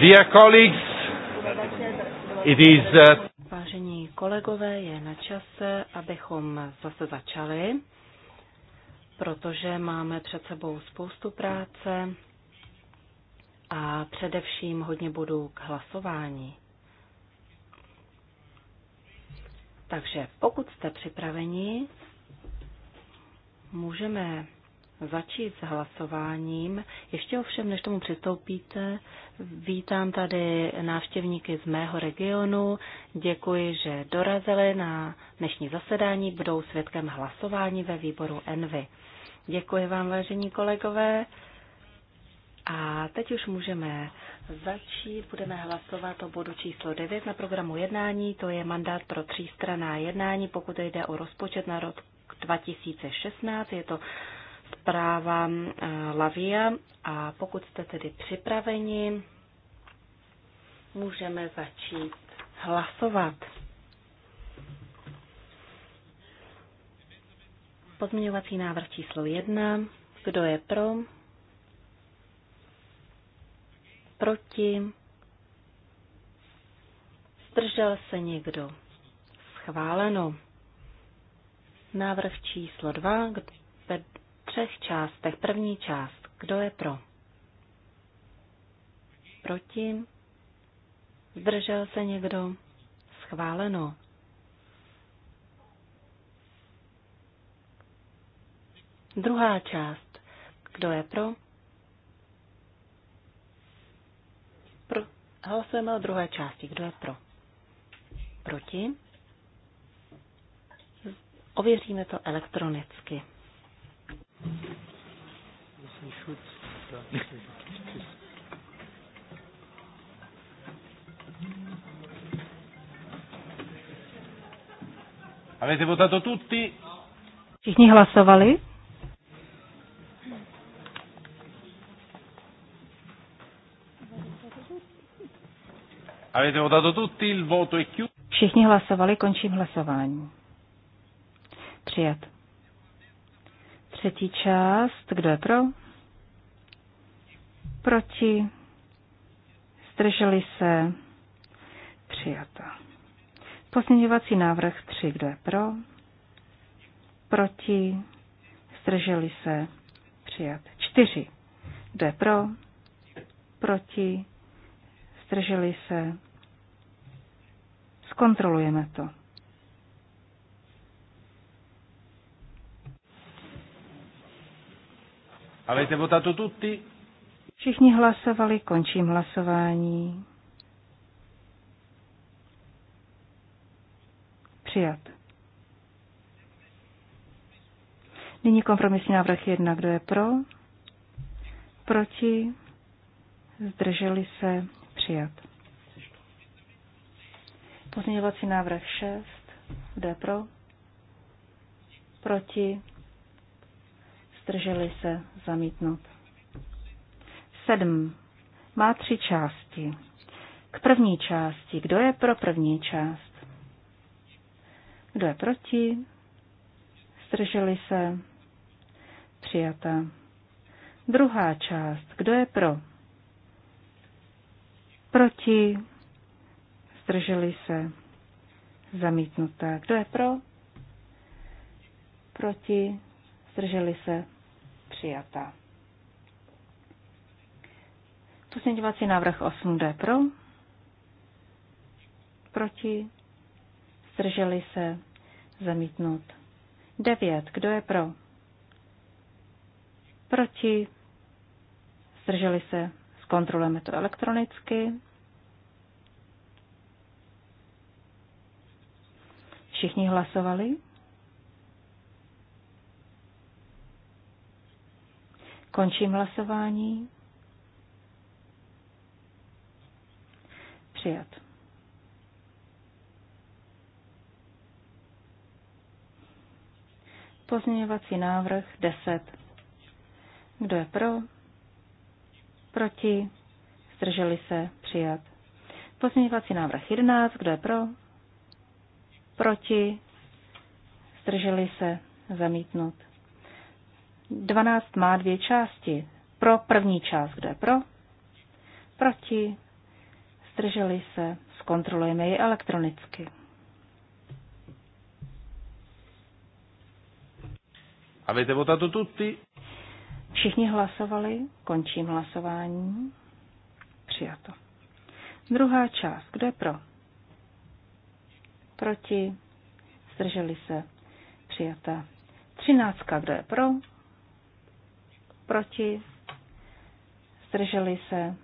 Dear colleagues, it is, uh... Vážení kolegové, je na čase, abychom zase začali, protože máme před sebou spoustu práce a především hodně bodů k hlasování. Takže pokud jste připraveni, můžeme začít s hlasováním. Ještě ovšem, než tomu přistoupíte, Vítám tady návštěvníky z mého regionu. Děkuji, že dorazili na dnešní zasedání. Budou svědkem hlasování ve výboru Envy. Děkuji vám, vážení kolegové. A teď už můžeme začít. Budeme hlasovat o bodu číslo 9 na programu jednání. To je mandát pro třístraná jednání, pokud jde o rozpočet na rok 2016. Je to zpráva eh, Lavia a pokud jste tedy připraveni, můžeme začít hlasovat. Pozměňovací návrh číslo 1. Kdo je pro? Proti? Zdržel se někdo? Schváleno. Návrh číslo 2 třech částech. První část. Kdo je pro? Proti? Zdržel se někdo? Schváleno. Druhá část. Kdo je pro? pro. Hlasujeme o druhé části. Kdo je pro? Proti? Ověříme to elektronicky. Avete votato tutti? Všichni hlasovali? Avete votato tutti? Il voto è chiuso. Všichni hlasovali, končím hlasování. Přijat. Třetí část, kdo je pro? Proti? Zdrželi se? Přijata. Pozměňovací návrh 3, kdo je pro? Proti? Zdrželi se? Přijat. 4. Kdo je pro? Proti? Zdrželi se? Zkontrolujeme to. Avete votato tutti? Všichni hlasovali, končím hlasování. Přijat. Nyní kompromisní návrh jedna, Kdo je pro? Proti? Zdrželi se? Přijat. Pozměňovací návrh 6. Kdo je pro? Proti? zdrželi se zamítnout. Sedm Má tři části. K první části. Kdo je pro první část? Kdo je proti? Zdrželi se? Přijata. Druhá část. Kdo je pro? Proti? Zdrželi se? Zamítnutá. Kdo je pro? Proti? Zdrželi se? přijata. Pozměňovací návrh 8D pro, proti, zdrželi se, zamítnut. 9. Kdo je pro? Proti, zdrželi se, zkontrolujeme to elektronicky. Všichni hlasovali? Končím hlasování. Přijat. Pozměňovací návrh 10. Kdo je pro? Proti? Zdrželi se? Přijat. Pozměňovací návrh 11. Kdo je pro? Proti? Zdrželi se? Zamítnut. 12 má dvě části. Pro první část, kde pro? Proti. Zdrželi se. Zkontrolujeme ji elektronicky. Avete votato tutti? Všichni hlasovali, končím hlasování. Přijato. Druhá část, kdo je pro? Proti? Zdrželi se? Přijata. Třináctka, kdo je pro? proti, zdrželi se,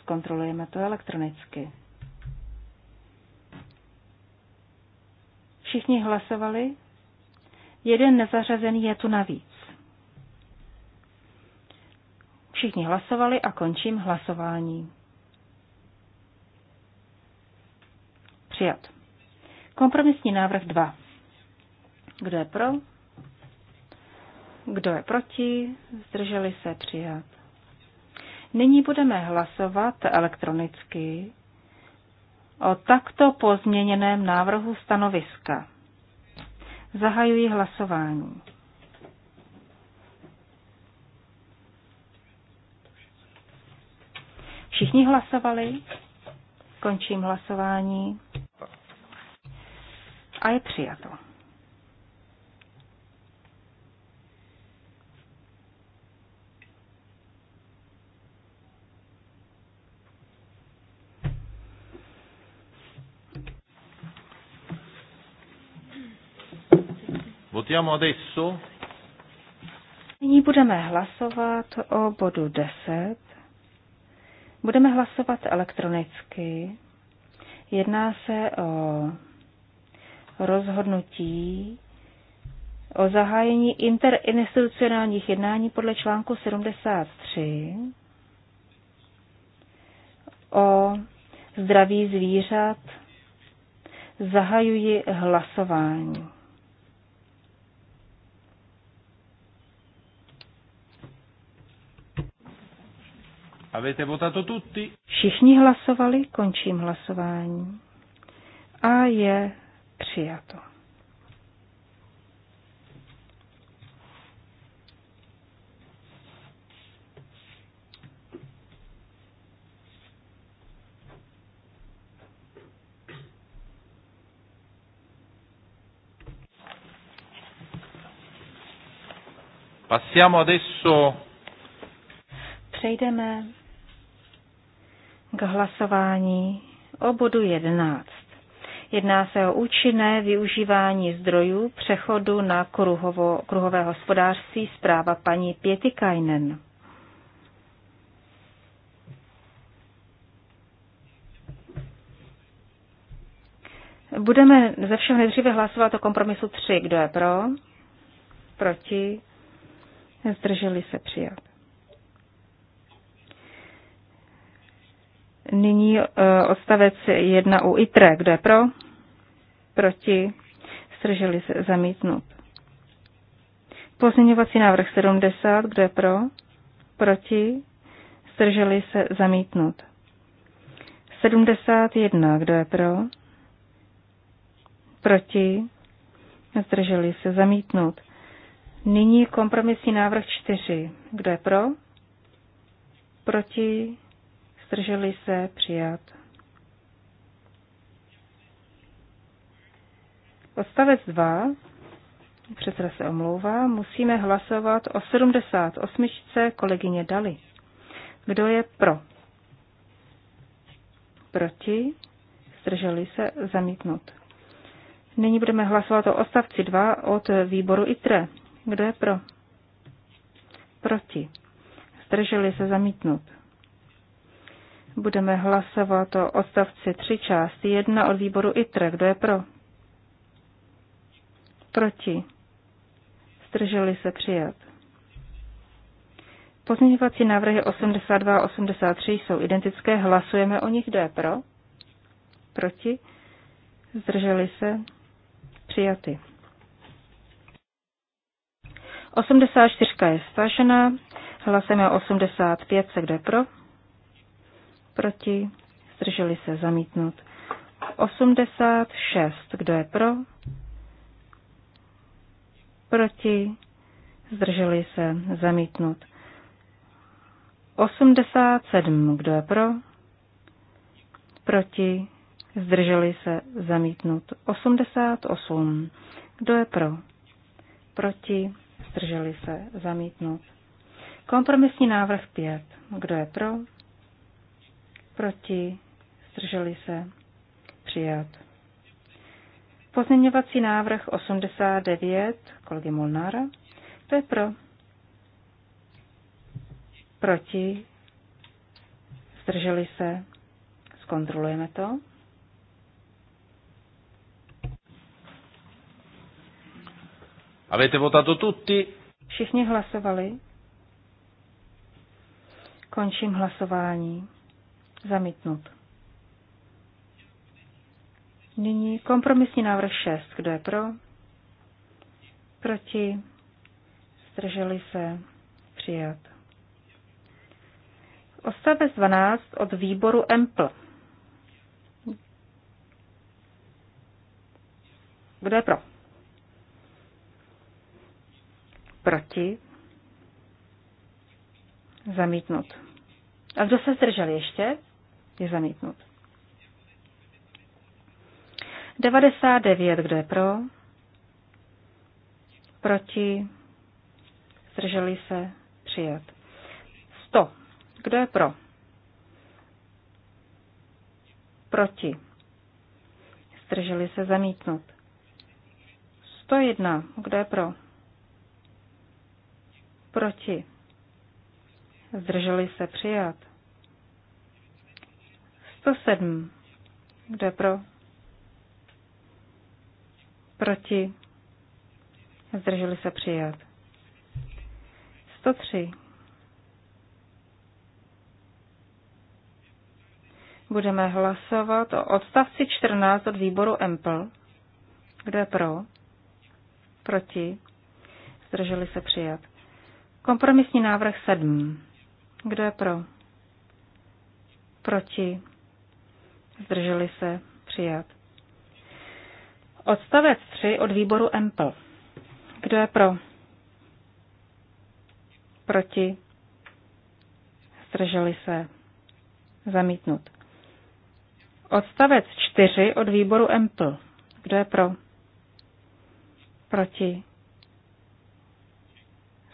zkontrolujeme to elektronicky. Všichni hlasovali, jeden nezařazený je tu navíc. Všichni hlasovali a končím hlasování. Přijat. Kompromisní návrh 2. Kdo je pro? Kdo je proti? Zdrželi se přijat. Nyní budeme hlasovat elektronicky o takto pozměněném návrhu stanoviska. Zahajuji hlasování. Všichni hlasovali? Končím hlasování. A je přijato. Votiamo adesso. Nyní budeme hlasovat o bodu 10. Budeme hlasovat elektronicky. Jedná se o rozhodnutí o zahájení interinstitucionálních jednání podle článku 73 o zdraví zvířat. Zahajuji hlasování. Avete votato tutti? Všichni hlasovali, končím hlasování. A je přijato. Passiamo adesso Přejdeme k hlasování o bodu 11. Jedná se o účinné využívání zdrojů přechodu na kruhovo, kruhové hospodářství zpráva paní Pietikainen. Budeme ze všem nejdříve hlasovat o kompromisu 3. Kdo je pro? Proti? Zdrželi se přijat. Nyní uh, odstavec 1 u ITRE. Kdo je pro? Proti? Strželi se zamítnut. Pozměňovací návrh 70. Kdo je pro? Proti? Strželi se zamítnut. 71. Kdo je pro? Proti? Zdrželi se zamítnout. Nyní kompromisní návrh 4. Kdo je pro? Proti? zdrželi se přijat. Odstavec 2, předseda se omlouvá, musíme hlasovat o 78. kolegyně Dali. Kdo je pro? Proti? Zdrželi se zamítnout. Nyní budeme hlasovat o odstavci 2 od výboru ITRE. Kdo je pro? Proti. Zdrželi se zamítnout. Budeme hlasovat o odstavci 3 část 1 od výboru ITRE. Kdo je pro? Proti. Zdrželi se přijat. Pozměňovací návrhy 82 a 83 jsou identické. Hlasujeme o nich. Kdo je pro? Proti. Zdrželi se. Přijaty. 84 je stažená. Hlasujeme o 85. Kdo je pro? proti, zdrželi se zamítnut. 86, kdo je pro, proti, zdrželi se zamítnut. 87, kdo je pro, proti, zdrželi se zamítnut. 88, kdo je pro, proti, zdrželi se zamítnut. Kompromisní návrh 5, kdo je pro, proti, zdrželi se, přijat. Pozměňovací návrh 89 kolegy Molnára. To je pro. Proti. Zdrželi se. Zkontrolujeme to. Avete votato tutti? Všichni hlasovali. Končím hlasování. Zamítnut. Nyní kompromisní návrh 6. Kdo je pro? Proti? Zdrželi se? Přijat. Ostavec 12 od výboru EMPL. Kdo je pro? Proti? Zamítnut. A kdo se zdržel ještě? je zamítnut. 99, kdo je pro? Proti? Zdrželi se? Přijat. 100. Kdo je pro? Proti? Zdrželi se? Zamítnut. 101. Kdo je pro? Proti? Zdrželi se? Přijat. 107. Kdo je pro? Proti? Zdrželi se přijat. 103. Budeme hlasovat o odstavci 14 od výboru EMPL. Kdo je pro? Proti? Zdrželi se přijat. Kompromisní návrh 7. Kdo je pro? Proti? zdrželi se, přijat. Odstavec 3 od výboru EMPL. Kdo je pro? Proti? Zdrželi se? Zamítnut. Odstavec 4 od výboru EMPL. Kdo je pro? Proti?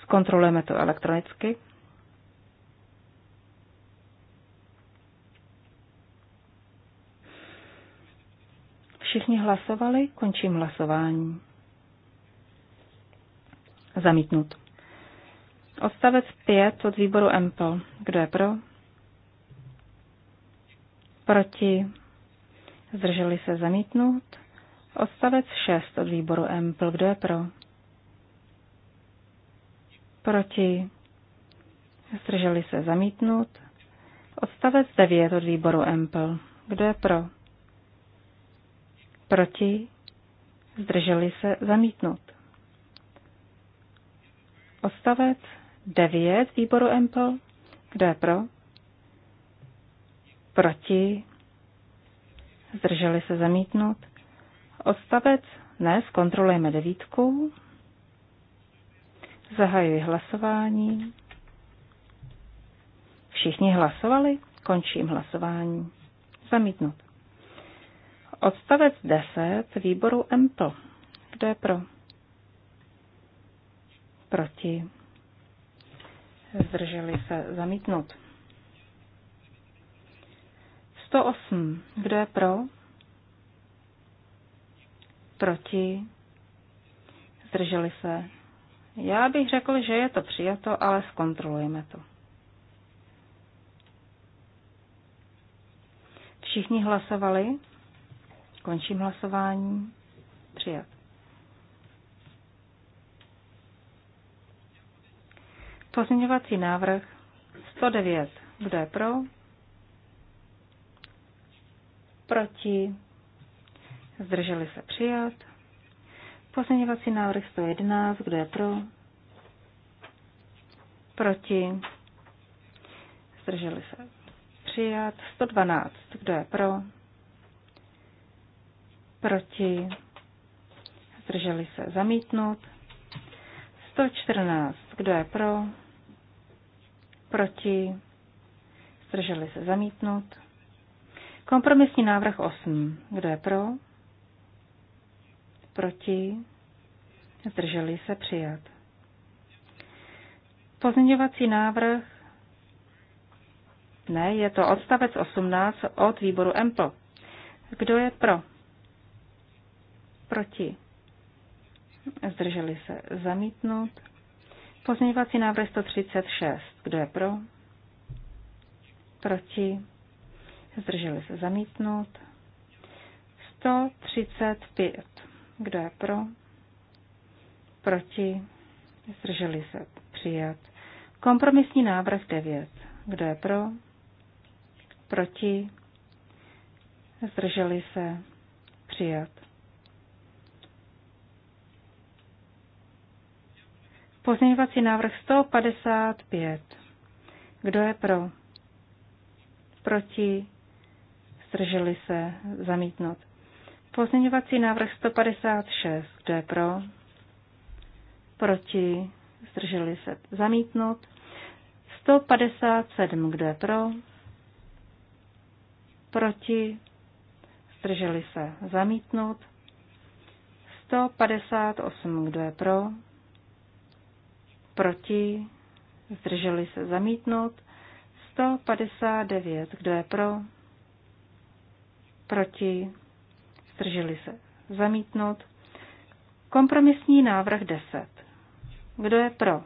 Zkontrolujeme to elektronicky. Všichni hlasovali, končím hlasování. Zamítnut. Odstavec 5 od výboru MPL. Kdo je pro? Proti? Zdrželi se zamítnout. Odstavec 6 od výboru MPL. Kdo je pro? Proti? Zdrželi se zamítnout. Odstavec 9 od výboru MPL. Kdo je pro? proti, zdrželi se zamítnout. Odstavec 9 výboru EMPL, kdo je pro, proti, zdrželi se zamítnout. Odstavec ne, zkontrolujeme devítku. Zahajuji hlasování. Všichni hlasovali? Končím hlasování. Zamítnout. Odstavec 10 výboru MPL. Kdo je pro? Proti. Zdrželi se zamítnout. 108. Kdo je pro? Proti. Zdrželi se. Já bych řekl, že je to přijato, ale zkontrolujeme to. Všichni hlasovali? Končím hlasování. Přijat. Pozměňovací návrh 109. Kdo je pro? Proti? Zdrželi se přijat. Pozměňovací návrh 111. Kdo je pro? Proti? Zdrželi se přijat. 112. Kdo je pro? proti, zdrželi se zamítnout. 114, kdo je pro, proti, zdrželi se zamítnout. Kompromisní návrh 8, kdo je pro, proti, zdrželi se přijat. Pozměňovací návrh ne, je to odstavec 18 od výboru MPO. Kdo je pro? Proti. Zdrželi se zamítnout. Pozměňovací návrh 136. Kdo je pro? Proti. Zdrželi se zamítnout. 135. Kdo je pro? Proti. Zdrželi se přijat. Kompromisní návrh 9. Kdo je pro? Proti? Zdrželi se? Přijat. Pozměňovací návrh 155. Kdo je pro? Proti? Zdrželi se? Zamítnout. Pozměňovací návrh 156. Kdo je pro? Proti? Zdrželi se? Zamítnout. 157. Kdo je pro? Proti? Zdrželi se? Zamítnout. 158. Kdo je pro? proti, zdrželi se zamítnout, 159, kdo je pro, proti, zdrželi se zamítnout, kompromisní návrh 10, kdo je pro,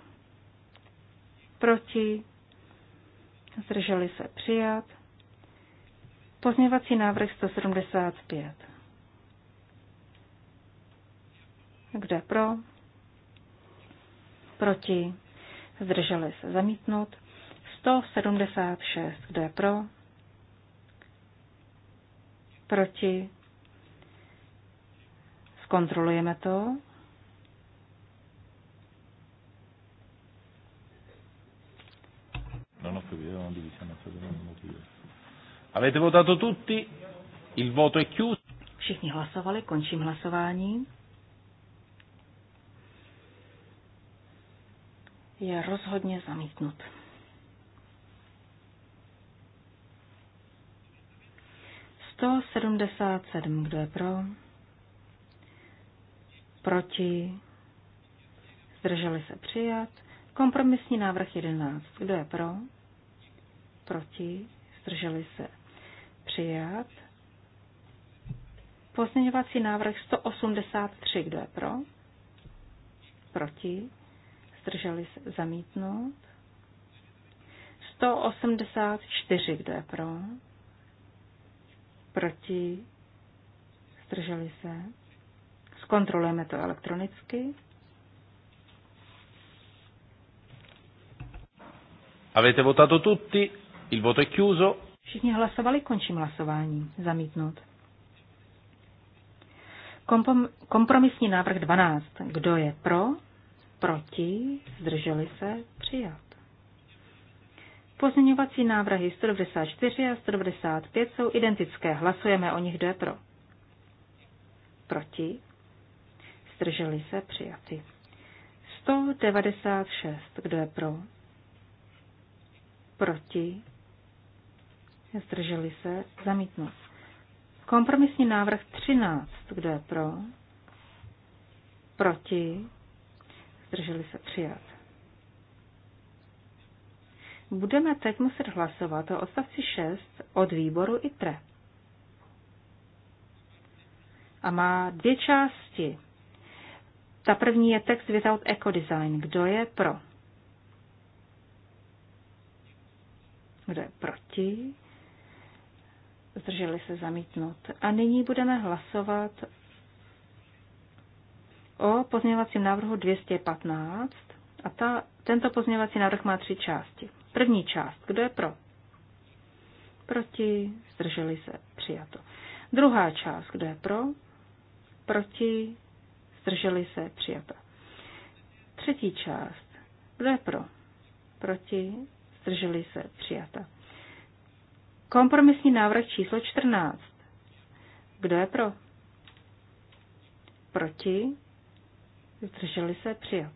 proti, zdrželi se přijat, pozměvací návrh 175, kdo je pro, proti, zdrželi se zamítnout, 176, kdo je pro, proti, zkontrolujeme to, no, no, Non ho capito, non motivo. Avete votato tutti? Il voto è chiuso. Všichni hlasovali, končím hlasování. je rozhodně zamítnut. Sto sedmdesát sedm, kdo je pro? Proti? Zdrželi se přijat. Kompromisní návrh 11. Kdo je pro? Proti? Zdrželi se přijat. Pozměňovací návrh 183. Kdo je pro? Proti? zdrželi se zamítnout. 184, kdo je pro, proti, zdrželi se. Zkontrolujeme to elektronicky. Avete votato tutti, il voto è chiuso. Všichni hlasovali, končím hlasování. Zamítnout. Kompom- kompromisní návrh 12. Kdo je pro? proti, zdrželi se, přijat. Pozměňovací návrhy 194 a 195 jsou identické. Hlasujeme o nich, kdo je pro. Proti. Zdrželi se přijaty. 196. Kdo je pro? Proti. Zdrželi se zamítnout. Kompromisní návrh 13. Kdo je pro? Proti zdrželi se přijat. Budeme teď muset hlasovat o odstavci 6 od výboru ITRE. A má dvě části. Ta první je text without eco design. Kdo je pro? Kdo je proti? Zdrželi se zamítnout. A nyní budeme hlasovat o pozměňovacím návrhu 215 a ta, tento pozměňovací návrh má tři části. První část, kdo je pro? Proti, zdrželi se, přijato. Druhá část, kdo je pro? Proti, zdrželi se, přijato. Třetí část, kdo je pro? Proti, zdrželi se, přijata. Kompromisní návrh číslo 14. Kdo je pro? Proti? zdrželi se přijat.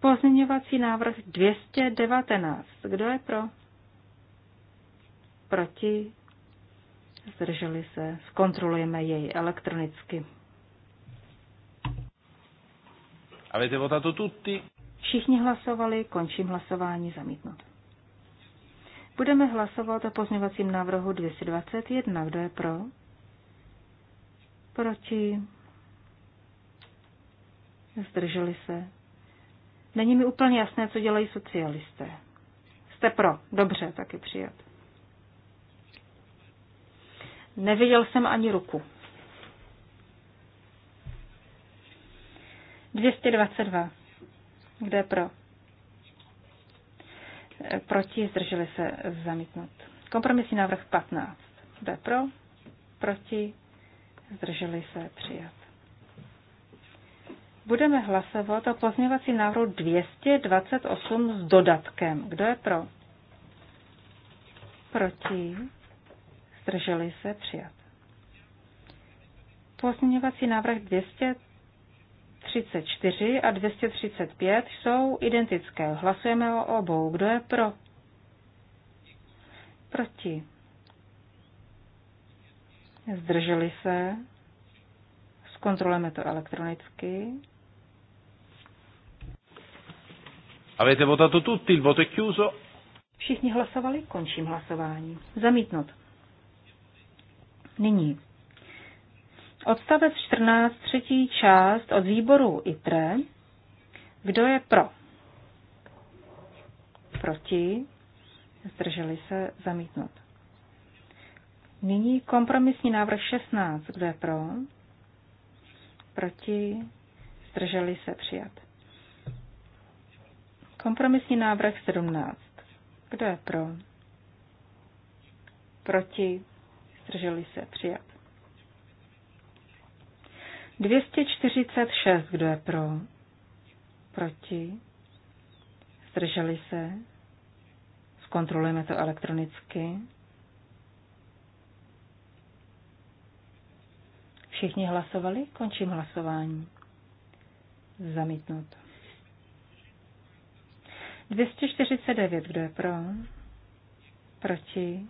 Pozměňovací návrh 219. Kdo je pro? Proti? Zdrželi se. Zkontrolujeme jej elektronicky. Avete votato tutti? Všichni hlasovali, končím hlasování zamítnout. Budeme hlasovat o pozměňovacím návrhu 221. Kdo je pro? Proti? Zdrželi se. Není mi úplně jasné, co dělají socialisté. Jste pro. Dobře, taky přijat. Neviděl jsem ani ruku. 222. Kde je pro? Eh, proti zdrželi se zamítnout. Kompromisní návrh 15. Kde je pro? Proti zdrželi se přijat budeme hlasovat o pozměňovacím návrhu 228 s dodatkem. Kdo je pro? Proti? Zdrželi se přijat. Pozměňovací návrh 234 a 235 jsou identické. Hlasujeme o obou. Kdo je pro? Proti? Zdrželi se? Zkontrolujeme to elektronicky. Avete votato tutti, il voto è chiuso. Všichni hlasovali, končím hlasování. Zamítnut. Nyní. Odstavec 14, třetí část od výboru ITRE. Kdo je pro? Proti? Zdrželi se zamítnout. Nyní kompromisní návrh 16. Kdo je pro? Proti? Zdrželi se přijat. Kompromisní návrh 17. Kdo je pro? Proti? Zdrželi se? Přijat. 246. Kdo je pro? Proti? Zdrželi se? Zkontrolujeme to elektronicky. Všichni hlasovali? Končím hlasování. Zamítnuto. 249, kdo je pro? Proti?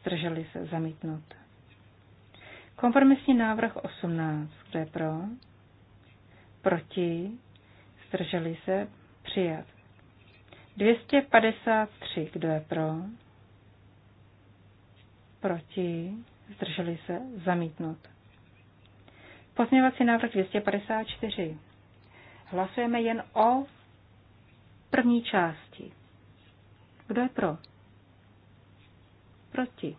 Zdrželi se zamítnout. Kompromisní návrh 18, kdo je pro? Proti? Zdrželi se přijat. 253, kdo je pro? Proti? Zdrželi se zamítnout. Pozměňovací návrh 254. Hlasujeme jen o první části. Kdo je pro? Proti.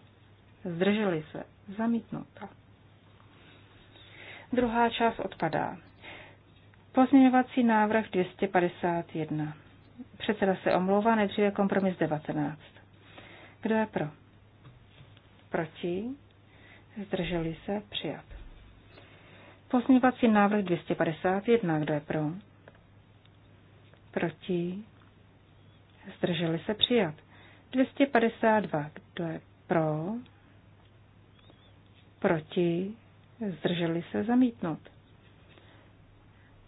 Zdrželi se. Zamítnuto. Druhá část odpadá. Pozměňovací návrh 251. Předseda se omlouvá, nejdříve kompromis 19. Kdo je pro? Proti? Zdrželi se? Přijat. Pozměňovací návrh 251. Kdo je pro? proti, zdrželi se přijat. 252, kdo je pro, proti, zdrželi se zamítnout.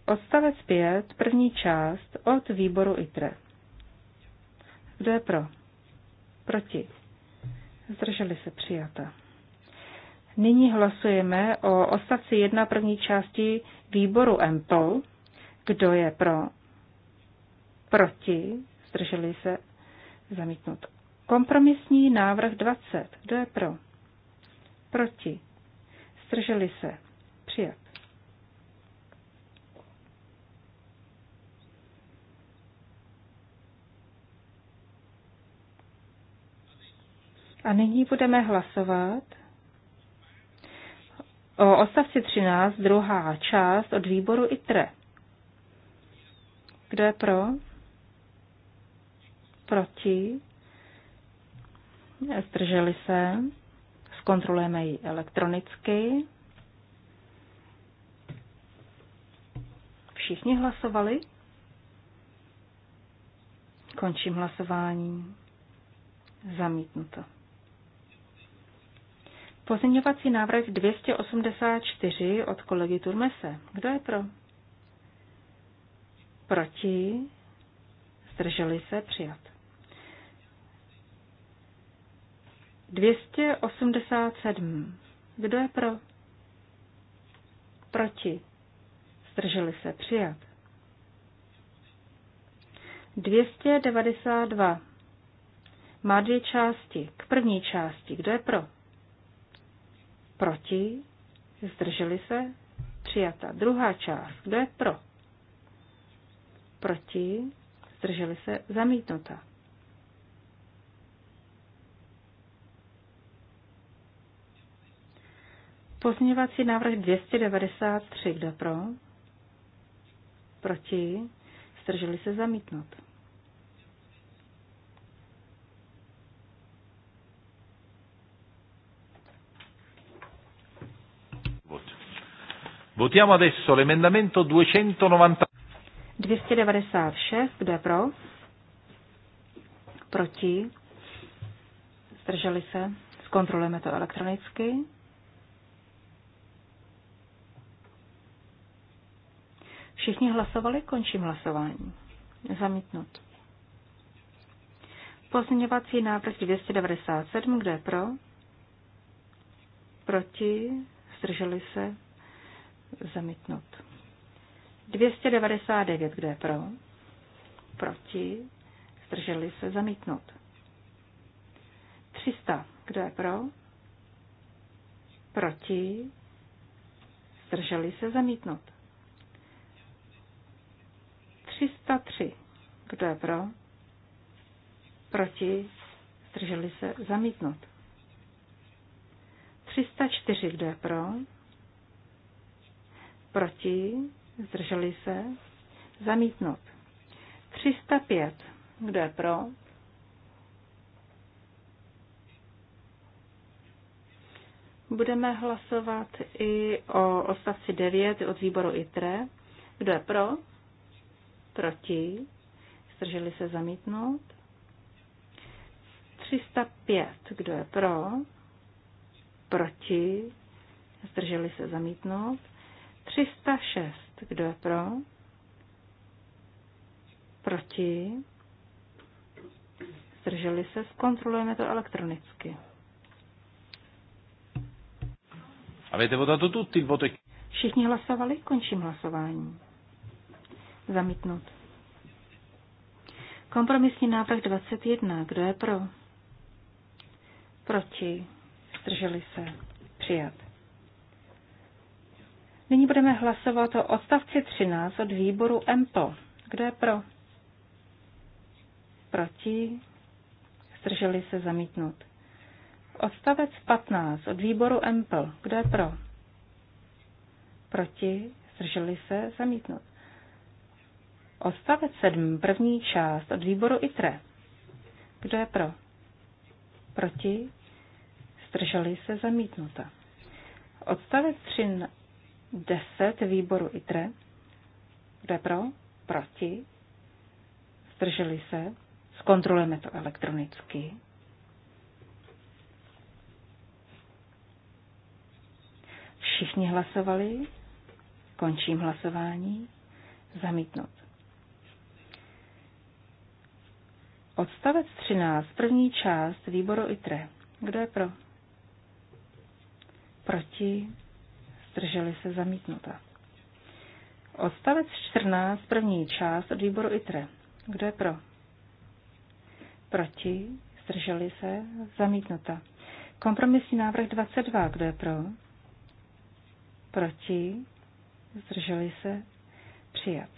Odstavec 5, první část od výboru ITRE. Kdo je pro? Proti. Zdrželi se přijata. Nyní hlasujeme o odstavci 1 první části výboru MPO. Kdo je pro? proti, zdrželi se, zamítnut. Kompromisní návrh 20, kdo je pro, proti, zdrželi se, přijat. A nyní budeme hlasovat o odstavci 13, druhá část od výboru ITRE. Kdo je pro? proti, zdrželi se, zkontrolujeme ji elektronicky. Všichni hlasovali? Končím hlasování. Zamítnuto. Pozměňovací návrh 284 od kolegy Turmese. Kdo je pro? Proti? Zdrželi se přijat. 287. Kdo je pro? Proti. Zdrželi se přijat. 292. Má dvě části. K první části. Kdo je pro? Proti. Zdrželi se. Přijata. Druhá část. Kdo je pro? Proti. Zdrželi se. Zamítnuta. Pozměňovací návrh 293, kdo pro? Proti? Strželi se zamítnout. Votiamo adesso l'emendamento 296, kdo je pro? Proti? Strželi se? Zkontrolujeme to elektronicky. Všichni hlasovali, končím hlasování. Zamítnut. Pozměňovací návrh 297, kde pro? Proti? Zdrželi se? Zamítnut. 299, kde pro? Proti? Zdrželi se? Zamítnut. 300, kdo je pro? Proti? Zdrželi se? Zamítnut. 303. Kdo je pro? Proti? Zdrželi se? Zamítnout. 304. Kdo je pro? Proti? Zdrželi se? Zamítnout. 305. Kdo je pro? Budeme hlasovat i o odstavci 9 od výboru ITRE. Kdo je pro? proti, zdrželi se zamítnout. 305, kdo je pro, proti, zdrželi se zamítnout. 306, kdo je pro, proti, zdrželi se, zkontrolujeme to elektronicky. Avete votato tutti il Všichni hlasovali, končím hlasování. Zamítnut. Kompromisní návrh 21. Kdo je pro? Proti. Zdrželi se. Přijat. Nyní budeme hlasovat o odstavci 13 od výboru EMPL. Kdo je pro? Proti. Zdrželi se zamítnout. Odstavec 15 od výboru MPL, Kdo je pro? Proti. Zdrželi se zamítnout. Odstavec 7, první část od výboru ITRE. Kdo je pro? Proti? Strželi se zamítnuta. Odstavec 3, 10 výboru ITRE. Kdo je pro? Proti? Strželi se? Zkontrolujeme to elektronicky. Všichni hlasovali? Končím hlasování. Zamítnout. Odstavec 13, první část výboru ITRE. Kdo je pro? Proti? Zdrželi se zamítnuta. Odstavec 14, první část od výboru ITRE. Kdo je pro? Proti? Zdrželi se zamítnuta. Kompromisní návrh 22. Kdo je pro? Proti? Zdrželi se? Přijat.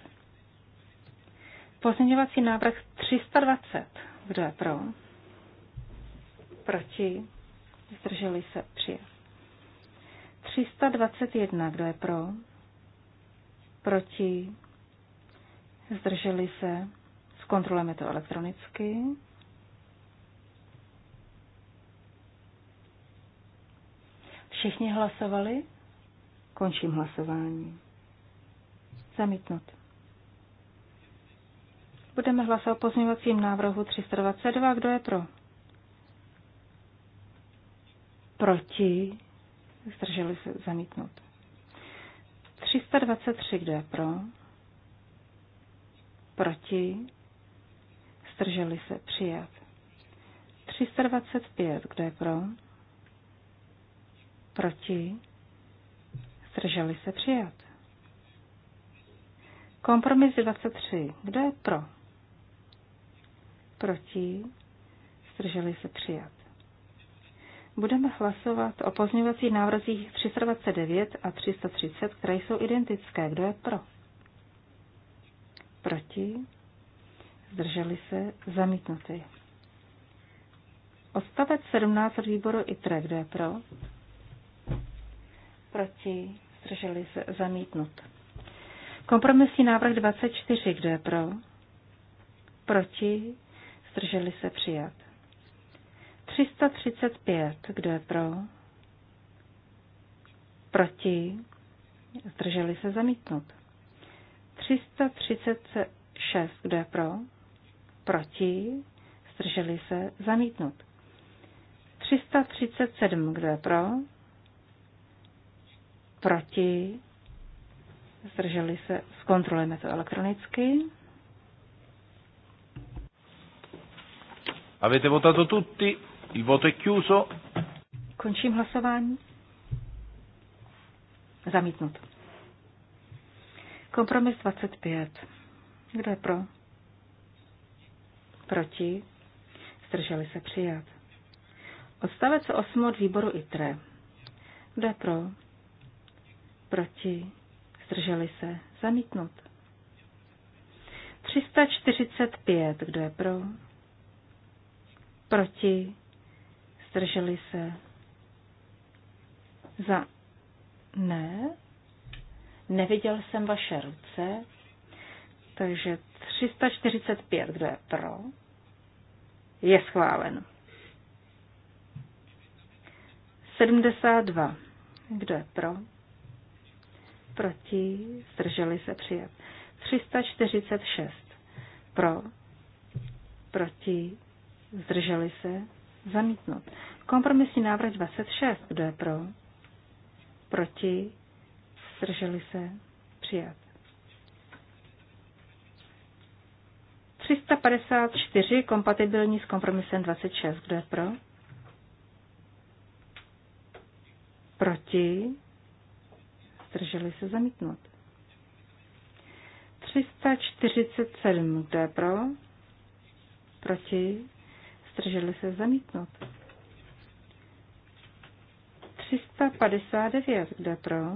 Pozměňovací návrh 320. Kdo je pro? Proti? Zdrželi se přijat. 321. Kdo je pro? Proti? Zdrželi se? Zkontrolujeme to elektronicky. Všichni hlasovali? Končím hlasování. Zamítnout. Budeme hlasovat o pozměňovacím návrhu 322. Kdo je pro? Proti? Zdrželi se zamítnout. 323. Kdo je pro? Proti? Zdrželi se přijat. 325. Kdo je pro? Proti? Zdrželi se přijat. Kompromis 23. Kdo je pro? proti, zdrželi se přijat. Budeme hlasovat o pozměňovacích návrzích 329 a 330, které jsou identické. Kdo je pro? Proti? Zdrželi se? Zamítnuty. Odstavec 17 od výboru ITRE. Kdo je pro? Proti? Zdrželi se? Zamítnut. Kompromisní návrh 24. Kdo je pro? Proti? zdrželi se přijat. 335, kdo je pro, proti, zdrželi se zamítnout. 336, kdo je pro, proti, zdrželi se zamítnout. 337, kdo je pro, proti, zdrželi se, zkontrolujeme to elektronicky. Avete votato tutti? Il voto è chiuso. Končím hlasování. Zamítnut. Kompromis 25. Kdo je pro? Proti? Zdrželi se přijat. Odstavec 8 od výboru ITRE. Kdo je pro? Proti? Zdrželi se? Zamítnut. 345. Kdo je pro? proti, zdrželi se. Za ne, neviděl jsem vaše ruce, takže 345, kdo je pro, je schválen. 72, kdo je pro, proti, zdrželi se přijat. 346, pro, proti, Zdrželi se? Zamítnut. Kompromisní návrh 26. Kdo je pro? Proti? Zdrželi se? Přijat. 354 kompatibilní s kompromisem 26. Kdo je pro? Proti? Zdrželi se zamítnout. 347. Kdo je pro? Proti? zdrželi se zamítnout. 359, kde pro,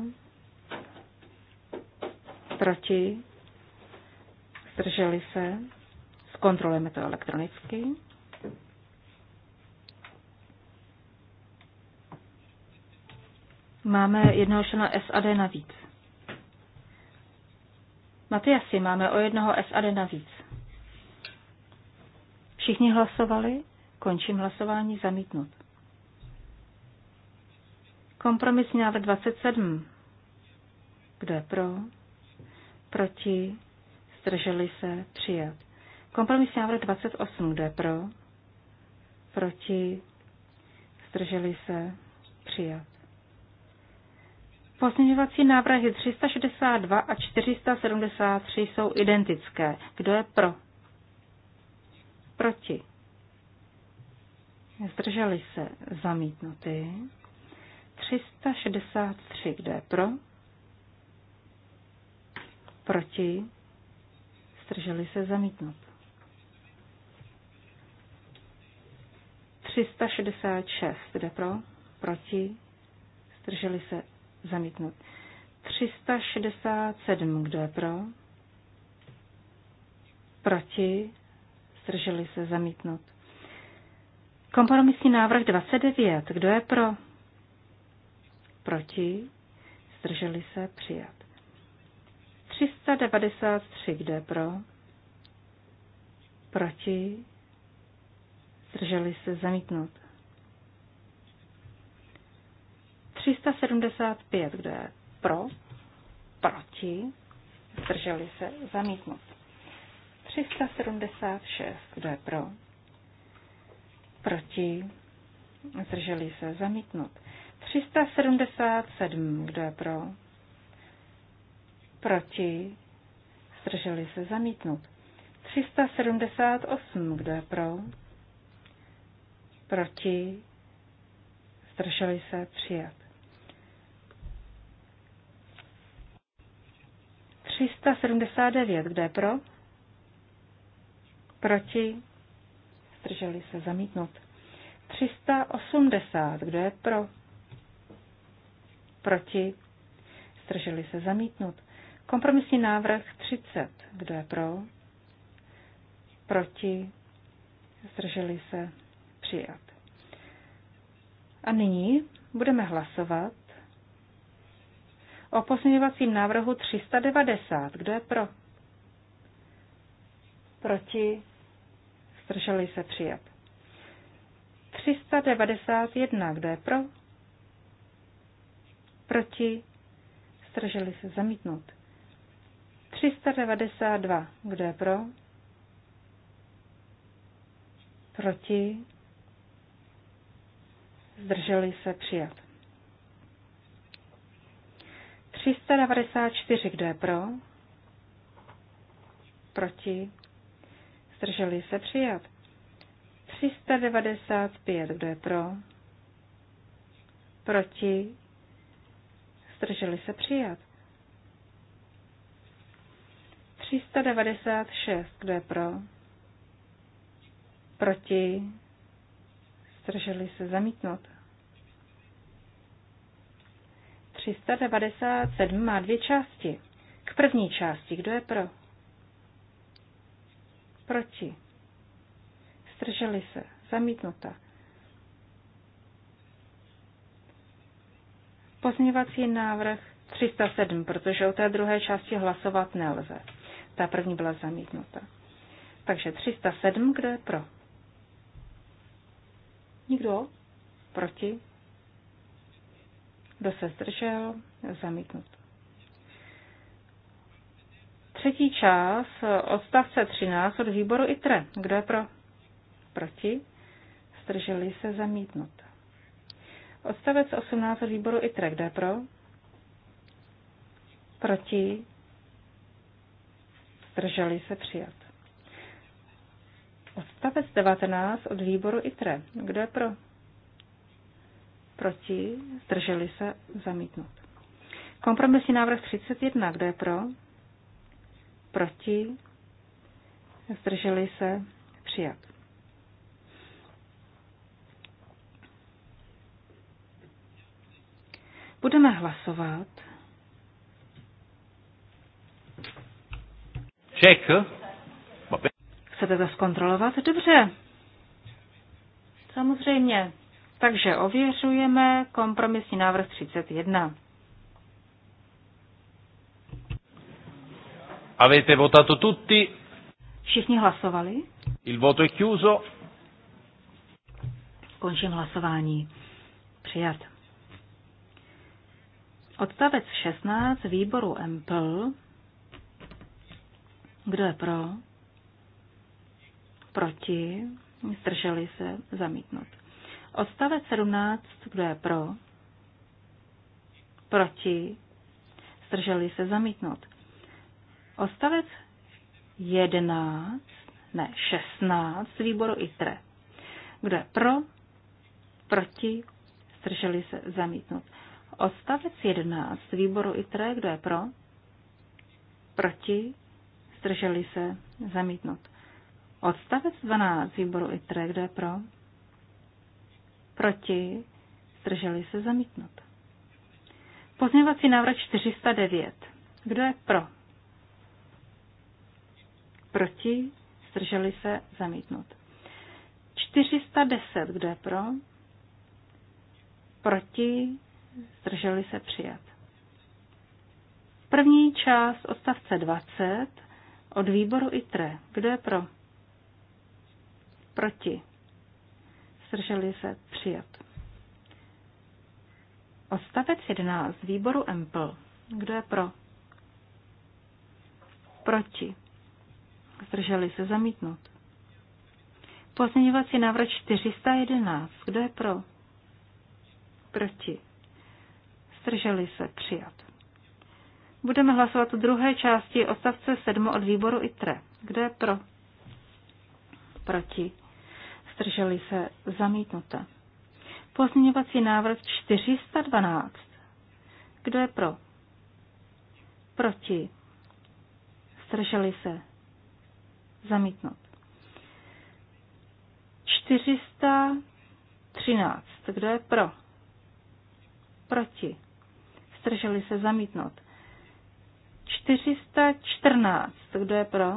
proti, zdrželi se, zkontrolujeme to elektronicky. Máme jednoho člena SAD navíc. Matyasi, máme o jednoho SAD navíc. Všichni hlasovali? Končím hlasování zamítnut. Kompromis návrh 27. Kdo je pro? Proti? Zdrželi se? Přijat. Kompromis návrh 28. Kdo je pro? Proti? Zdrželi se? Přijat. Pozměňovací návrhy 362 a 473 jsou identické. Kdo je pro? proti, zdrželi se zamítnuty, 363, kdo je pro, proti, zdrželi se zamítnut. 366, kde pro, proti, zdrželi se zamítnut. 367, kdo je pro, proti, zdrželi se zamítnout. Kompromisní návrh 29. Kdo je pro? Proti? Zdrželi se přijat. 393. Kdo je pro? Proti? Zdrželi se zamítnout. 375. Kdo je pro? Proti? Zdrželi se zamítnout. 376. Kdo je pro? Proti? Zrželi se zamítnut. 377. Kdo je pro? Proti? Zrželi se zamítnut. 378. Kdo je pro? Proti? Zdrželi se přijat. 379. Kdo je pro? Proti? Zdrželi se zamítnout. 380. Kdo je pro? Proti? Zdrželi se zamítnout. Kompromisní návrh 30. Kdo je pro? Proti? Zdrželi se přijat. A nyní budeme hlasovat o pozměňovacím návrhu 390. Kdo je pro? Proti? zdrželi se přijat. 391, kdo je pro? Proti, zdrželi se zamítnout. 392, kdo je pro? Proti, zdrželi se přijat. 394, kdo je pro? Proti, Zdrželi se přijat. 395. Kdo je pro? Proti? Zdrželi se přijat. 396. Kdo je pro? Proti? Zdrželi se zamítnout. 397 má dvě části. K první části, kdo je pro? Proti. Strželi se. Zamítnuta. Pozměňovací návrh 307, protože o té druhé části hlasovat nelze. Ta první byla zamítnuta. Takže 307, kdo je pro? Nikdo? Proti? Kdo se zdržel? Zamítnut. Třetí část eh, odstavce 13 od výboru ITRE. Kdo je pro? Proti? Zdrželi se zamítnut. Odstavec 18 od výboru ITRE. Kdo je pro? Proti? Zdrželi se přijat. Odstavec 19 od výboru ITRE. Kdo je pro? Proti? Zdrželi se zamítnut. Kompromisní návrh 31. Kdo je pro? proti, zdrželi se, přijat. Budeme hlasovat. Check. Chcete to zkontrolovat? Dobře. Samozřejmě. Takže ověřujeme kompromisní návrh 31. Avete votato tutti? Všichni hlasovali? Il voto è chiuso. Končím hlasování. Přijat. Odstavec 16 výboru MPL. Kdo je pro? Proti? Zdrželi se? Zamítnut. Odstavec 17. Kdo je pro? Proti? Zdrželi se? Zamítnut. Odstavec 11, ne 16 výboru ITRE. Kdo je pro, proti, strželi se zamítnout. Odstavec 11 výboru ITRE, kdo je pro, proti, strželi se zamítnout. Odstavec 12 výboru ITRE, kdo je pro, proti, strželi se zamítnout. Pozměňovací návrh 409. Kdo je pro? proti, zdrželi se, zamítnut. 410, kdo je pro, proti, zdrželi se, přijat. První část odstavce 20 od výboru ITRE. Kdo je pro? Proti. Zdrželi se přijat. Odstavec 11 výboru EMPL. Kdo je pro? Proti. Zdrželi se zamítnout. Pozměňovací návrh 411. Kdo je pro? Proti. Zdrželi se přijat. Budeme hlasovat o druhé části odstavce 7 od výboru ITRE. Kdo je pro? Proti. Zdrželi se zamítnuté. Pozměňovací návrh 412. Kdo je pro? Proti. Zdrželi se zamítnout. 413. Kdo je pro? Proti. Strželi se zamítnout. 414. Kdo je pro?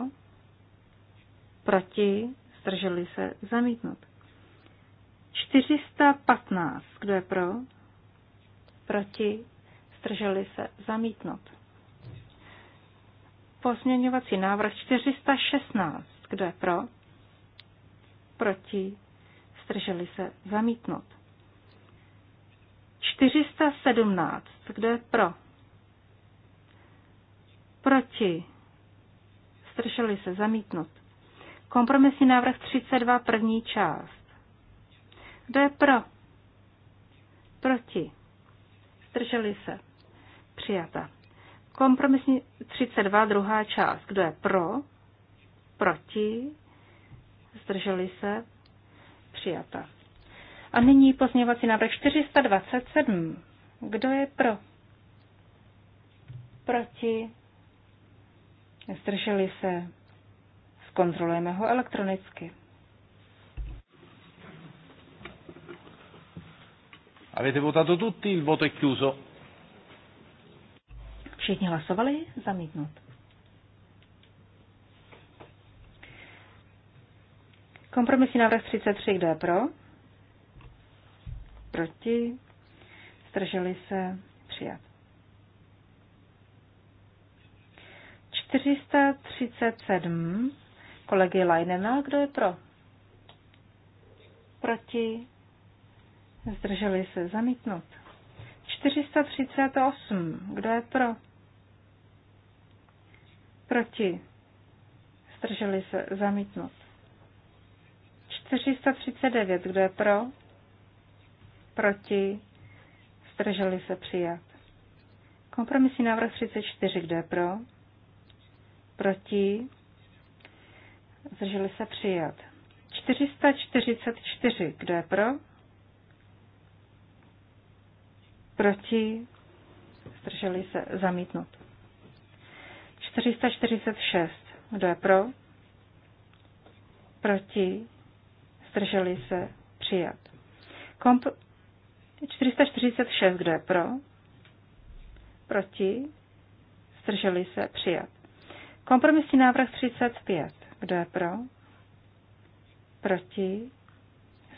Proti. Strželi se zamítnout. 415. Kdo je pro? Proti. Strželi se zamítnout. Pozměňovací návrh 416. Kdo je pro? Proti? Strželi se? Zamítnut. 417. Kdo je pro? Proti? Strželi se? Zamítnut. Kompromisní návrh 32. První část. Kdo je pro? Proti? Strželi se? Přijata. Kompromisní 32, druhá část. Kdo je pro? Proti? Zdrželi se? Přijata. A nyní pozměňovací návrh 427. Kdo je pro? Proti? Zdrželi se? Zkontrolujeme ho elektronicky. Avete votato tutti, il voto è chiuso. Všichni hlasovali? Zamítnout. Kompromisní návrh 33, kdo je pro? Proti? Zdrželi se? Přijat. 437 kolegy Leinena, kdo je pro? Proti? Zdrželi se? Zamítnout. 438, kdo je pro? Proti. Strželi se. Zamítnut. 439. Kdo je pro? Proti. Strželi se. Přijat. Kompromisní návrh 34. Kdo je pro? Proti. Zdrželi se. Přijat. 444. Kdo je pro? Proti. Zdrželi se. Zamítnut. 446. Kdo je pro? Proti? Zdrželi se? Přijat. Komp- 446. Kdo je pro? Proti? Zdrželi se? Přijat. Kompromisní návrh 35. Kdo je pro? Proti?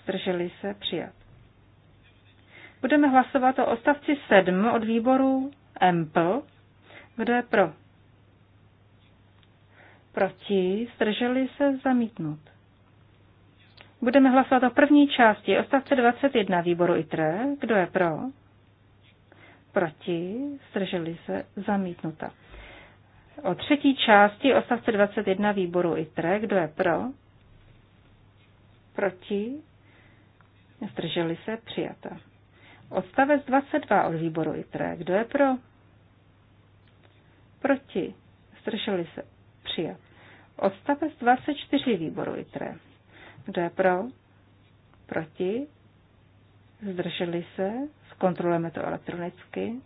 Zdrželi se? Přijat. Budeme hlasovat o odstavci 7 od výboru EMPL. Kdo je pro? proti, zdrželi se zamítnut. Budeme hlasovat o první části odstavce 21 výboru ITRE. Kdo je pro? Proti, zdrželi se zamítnuta. O třetí části odstavce 21 výboru ITRE. Kdo je pro? Proti, zdrželi se přijata. Odstavec 22 od výboru ITRE. Kdo je pro? Proti, zdrželi se přijat. Odstavec 24 výboru ITRE. Kdo je pro? Proti? Zdrželi se? Zkontrolujeme to elektronicky.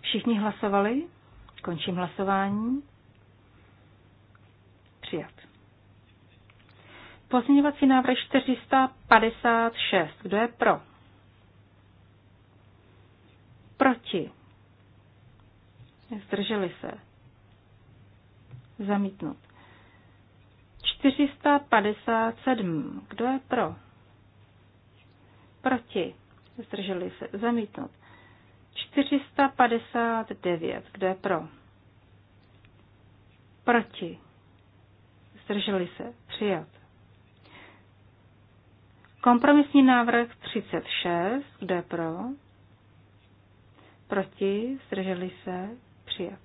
Všichni hlasovali? Končím hlasování. Přijat. Pozměňovací návrh 456. Kdo je pro? Proti zdrželi se, zamítnut. 457, kdo je pro? Proti, zdrželi se, zamítnut. 459, kdo je pro? Proti, zdrželi se, přijat. Kompromisní návrh 36, kdo je pro? Proti, zdrželi se, přijat.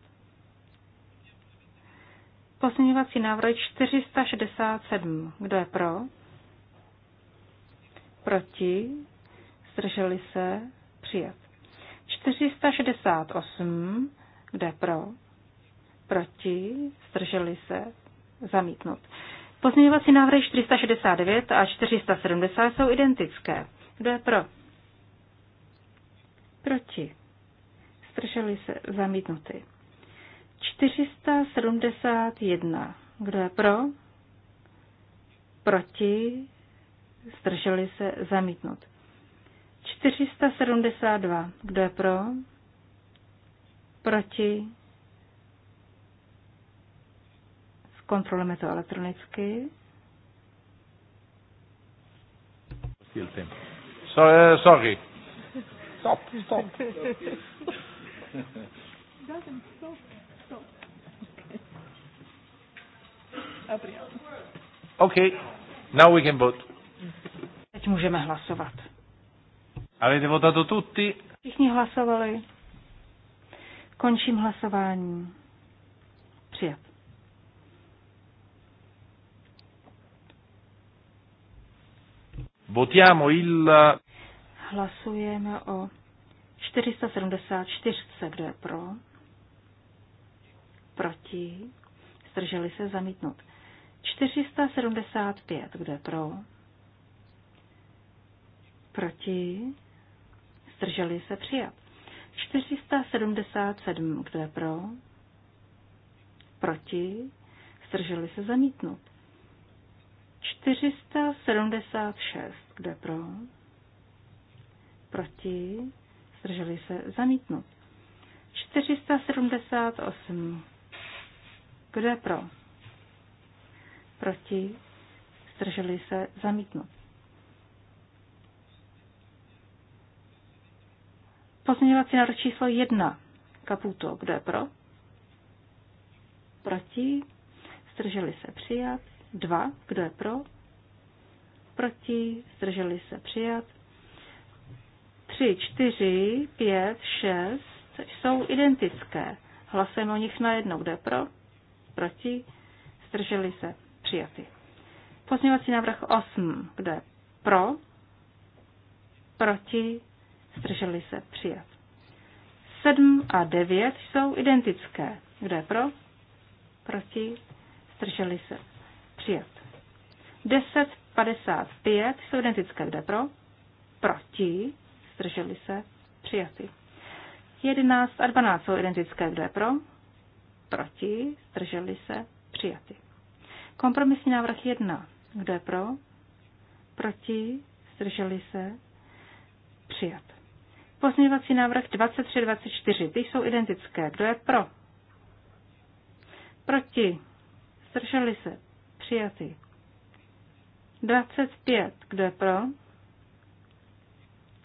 Pozměňovací návrh 467. Kdo je pro? Proti? Zdrželi se? Přijat. 468. Kdo je pro? Proti? Zdrželi se? Zamítnut. Pozměňovací návrhy 469 a 470 jsou identické. Kdo je pro? Proti zdrželi se, zamítnuty. 471. Kdo je pro? Proti? Zdrželi se zamítnout. 472. Kdo je pro? Proti? Zkontrolujeme to elektronicky. Sorry. Stop, stop. Doesn't stop. Stop. Okay. okay. Now we can vote. Teď můžeme hlasovat. Avete to tutti? Všichni hlasovali. Končím hlasování. Přijat. Votiamo il... Hlasujeme o 474. Kdo je pro? Proti? Zdrželi se zamítnout. 475. Kdo je pro? Proti? Zdrželi se přijat. 477. Kdo je pro? Proti? Zdrželi se zamítnout. 476. Kdo je pro? Proti? zdrželi se zamítnout. 478. Kdo je pro? Proti, zdrželi se zamítnout. Pozměňovací návrh číslo 1. Kaputo, kdo je pro? Proti, zdrželi se přijat. 2. Kdo je pro? Proti, zdrželi se přijat. 3, 4, 5, 6 jsou identické. Hlasujeme o nich najednou. Kde pro? Proti? Zdrželi se? Přijaty. Pozměňovací návrh 8. Kde pro? Proti? Zdrželi se? Přijat. 7 a 9 jsou identické. Kde pro? Proti? Zdrželi se? Přijat. 10, 55 jsou identické. Kde pro? Proti? zdrželi se, přijaty. 11 a 12 jsou identické, kdo je pro, proti, zdrželi se, přijaty. Kompromisní návrh 1, kdo je pro, proti, zdrželi se, přijat. Pozměňovací návrh 23-24, ty jsou identické, kdo je pro, proti, zdrželi se, přijaty. 25, kdo je pro,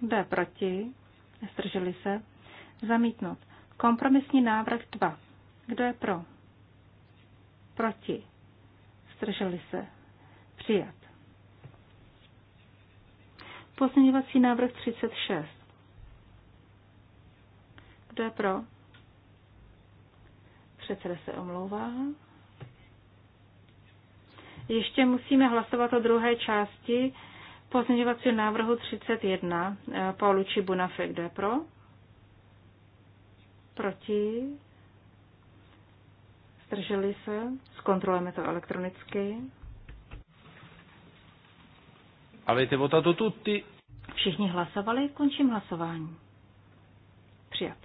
B proti, zdrželi se, zamítnout. Kompromisní návrh 2. Kdo je pro? Proti, zdrželi se, přijat. Pozměňovací návrh 36. Kdo je pro? Předseda se omlouvá. Ještě musíme hlasovat o druhé části Pozměňovací návrhu 31 eh, Pauluči Bunafe, kdo je pro? Proti? Zdrželi se? Zkontrolujeme to elektronicky. Avete votato tutti? Všichni hlasovali, končím hlasování. Přijat.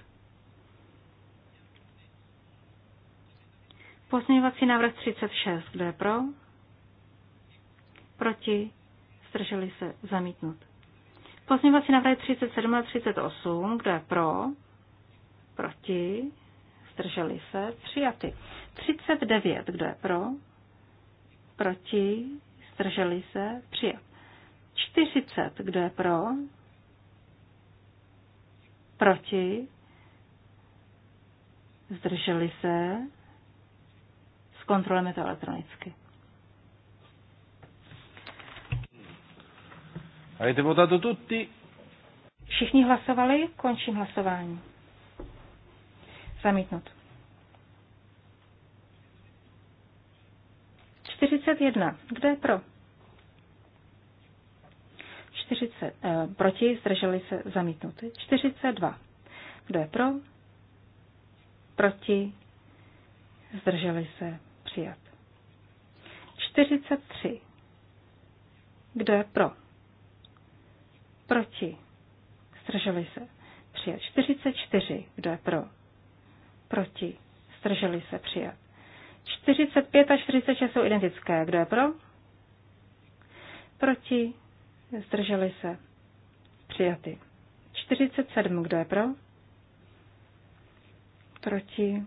Pozměňovací návrh 36, kdo je pro? Proti? zdrželi se, zamítnut. Pozměňovací návrhy 37 a 38, kdo je pro, proti, zdrželi se, přijaty. 39, kdo je pro, proti, zdrželi se, přijat. 40, kdo je pro, proti, zdrželi se, zkontrolujeme to elektronicky. Avete votato tutti? Všichni hlasovali, končím hlasování. Zamítnut. 41. Kdo je pro? 40, eh, proti, zdrželi se zamítnut. 42. Kdo je pro? Proti, zdrželi se přijat. 43. Kdo je pro? Proti. Zdrželi se. Přijat. 44. Kdo je pro? Proti. Zdrželi se. Přijat. 45 a 46 jsou identické. Kdo je pro? Proti. Zdrželi se. Přijaty. 47. Kdo je pro? Proti.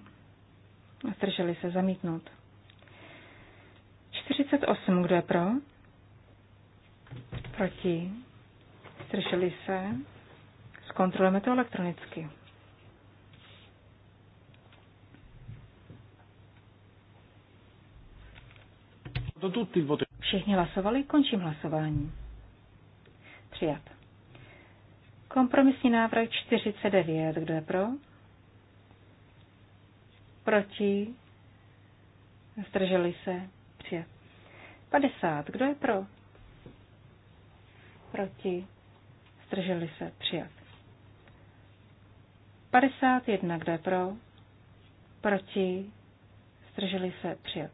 Zdrželi se. Zamítnout. 48. Kdo je pro? Proti. Zdrželi se? Zkontrolujeme to elektronicky. Všichni hlasovali, končím hlasování. Přijat. Kompromisní návrh 49. Kdo je pro? Proti? Zdrželi se? Přijat. 50. Kdo je pro? Proti? zdrželi se, přijat. 51, kdo je pro, proti, zdrželi se, přijat.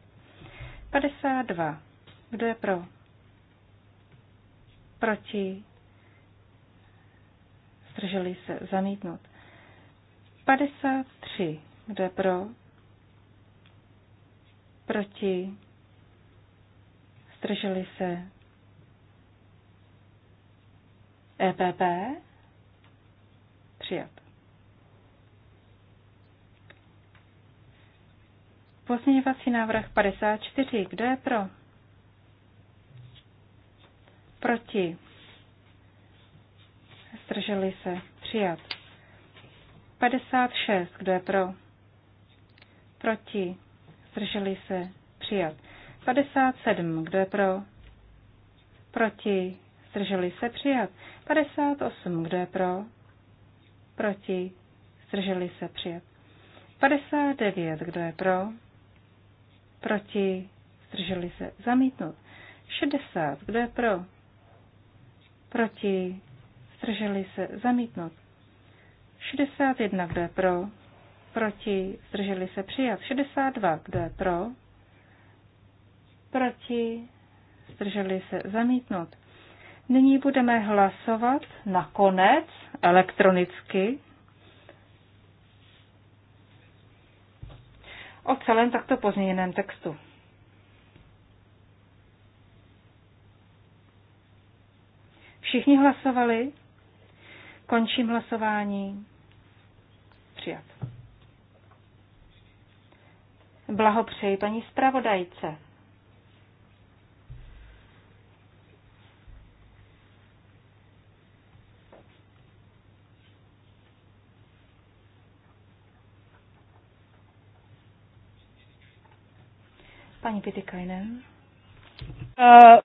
52, kdo je pro, proti, zdrželi se, zamítnout. 53, kdo je pro, proti, zdrželi se, EPP? Přijat. Pozměňovací návrh 54. Kdo je pro? Proti. Zdrželi se. Přijat. 56. Kdo je pro? Proti. Zdrželi se. Přijat. 57. Kdo je pro? Proti. Zdrželi se. Přijat. 58. Kdo je pro? Proti? Zdrželi se přijat. 59. Kdo je pro? Proti? Zdrželi se zamítnout. 60. Kdo je pro? Proti? Zdrželi se zamítnout. 61. Kdo je pro? Proti? Zdrželi se přijat. 62. Kdo je pro? Proti? Zdrželi se zamítnout. Nyní budeme hlasovat nakonec elektronicky o celém takto pozměněném textu. Všichni hlasovali? Končím hlasování. Přijat. Blahopřeji paní zpravodajce. Paní Uh,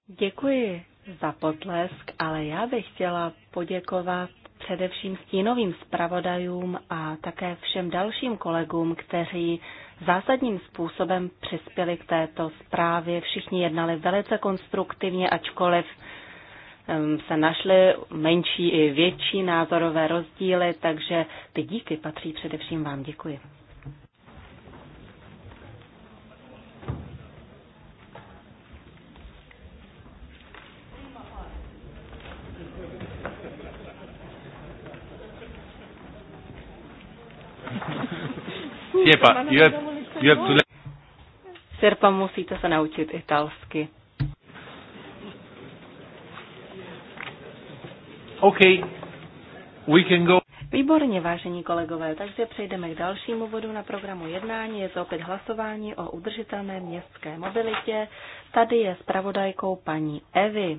Děkuji za potlesk, ale já bych chtěla poděkovat především stínovým zpravodajům a také všem dalším kolegům, kteří zásadním způsobem přispěli k této zprávě. Všichni jednali velice konstruktivně, ačkoliv ehm, se našly menší i větší názorové rozdíly, takže ty díky patří především vám. Děkuji. Sirpa, you have, you have to... musíte se naučit italsky. Okay. We can go. Výborně, vážení kolegové, takže přejdeme k dalšímu bodu na programu jednání. Je to opět hlasování o udržitelné městské mobilitě. Tady je zpravodajkou paní Evy.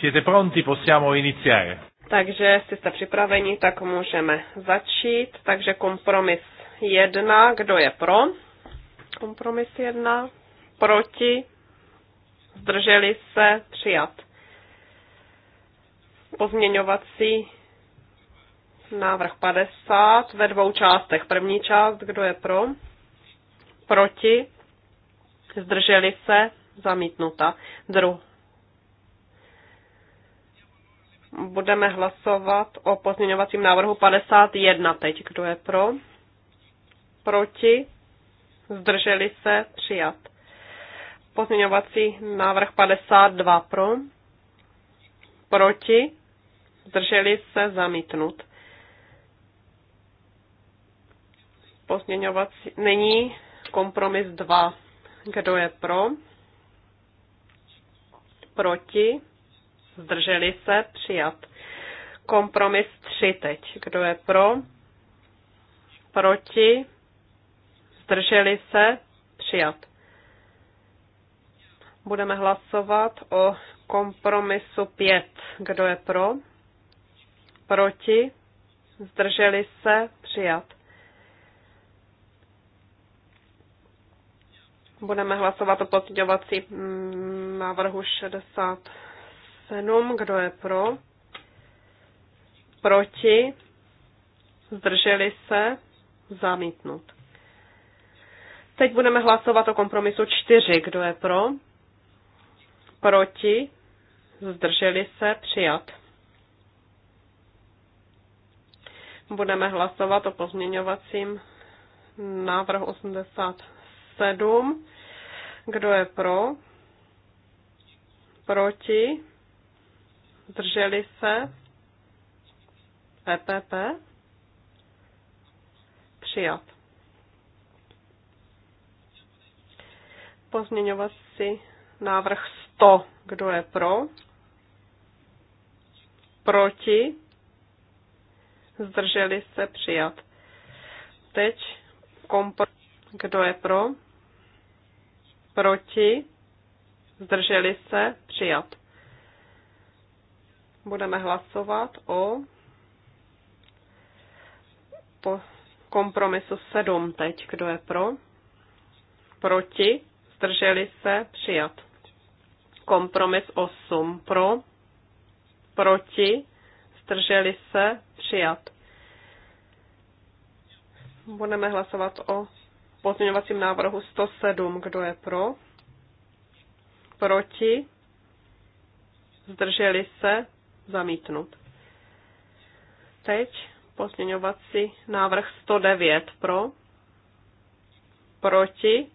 Siete pronti, possiamo iniziare. Takže jestli jste připraveni, tak můžeme začít. Takže kompromis 1, kdo je pro? Kompromis 1, proti, zdrželi se, přijat. Pozměňovací návrh 50 ve dvou částech. První část, kdo je pro? Proti, zdrželi se, zamítnuta. Dru, Budeme hlasovat o pozměňovacím návrhu 51 teď. Kdo je pro? Proti? Zdrželi se? Přijat. Pozměňovací návrh 52 pro? Proti? Zdrželi se? Zamítnut. Pozměňovací... Není kompromis 2. Kdo je pro? Proti? zdrželi se, přijat. Kompromis 3 teď. Kdo je pro? Proti? Zdrželi se? Přijat. Budeme hlasovat o kompromisu 5. Kdo je pro? Proti? Zdrželi se? Přijat. Budeme hlasovat o pozdějovací mm, návrhu 60. 7, kdo je pro? Proti? Zdrželi se? Zamítnut. Teď budeme hlasovat o kompromisu 4. Kdo je pro? Proti? Zdrželi se? Přijat. Budeme hlasovat o pozměňovacím návrhu 87. Kdo je pro? Proti? Zdrželi se? PPP? Přijat. si návrh 100. Kdo je pro? Proti? Zdrželi se? Přijat. Teď kompro, Kdo je pro? Proti? Zdrželi se? Přijat budeme hlasovat o po kompromisu 7 teď. Kdo je pro? Proti? Zdrželi se? Přijat. Kompromis 8 pro? Proti? Zdrželi se? Přijat. Budeme hlasovat o pozměňovacím návrhu 107. Kdo je pro? Proti? Zdrželi se? Zamítnut. Teď pozměňovací návrh 109 pro, proti,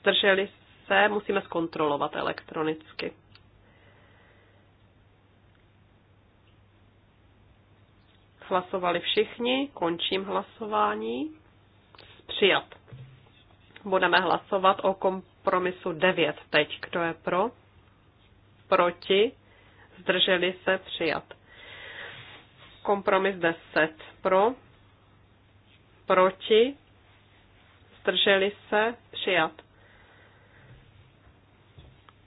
zdrželi se, musíme zkontrolovat elektronicky. Hlasovali všichni, končím hlasování. Přijat. Budeme hlasovat o kompromisu 9 teď. Kdo je pro? Proti? zdrželi se, přijat. Kompromis 10 pro, proti, zdrželi se, přijat.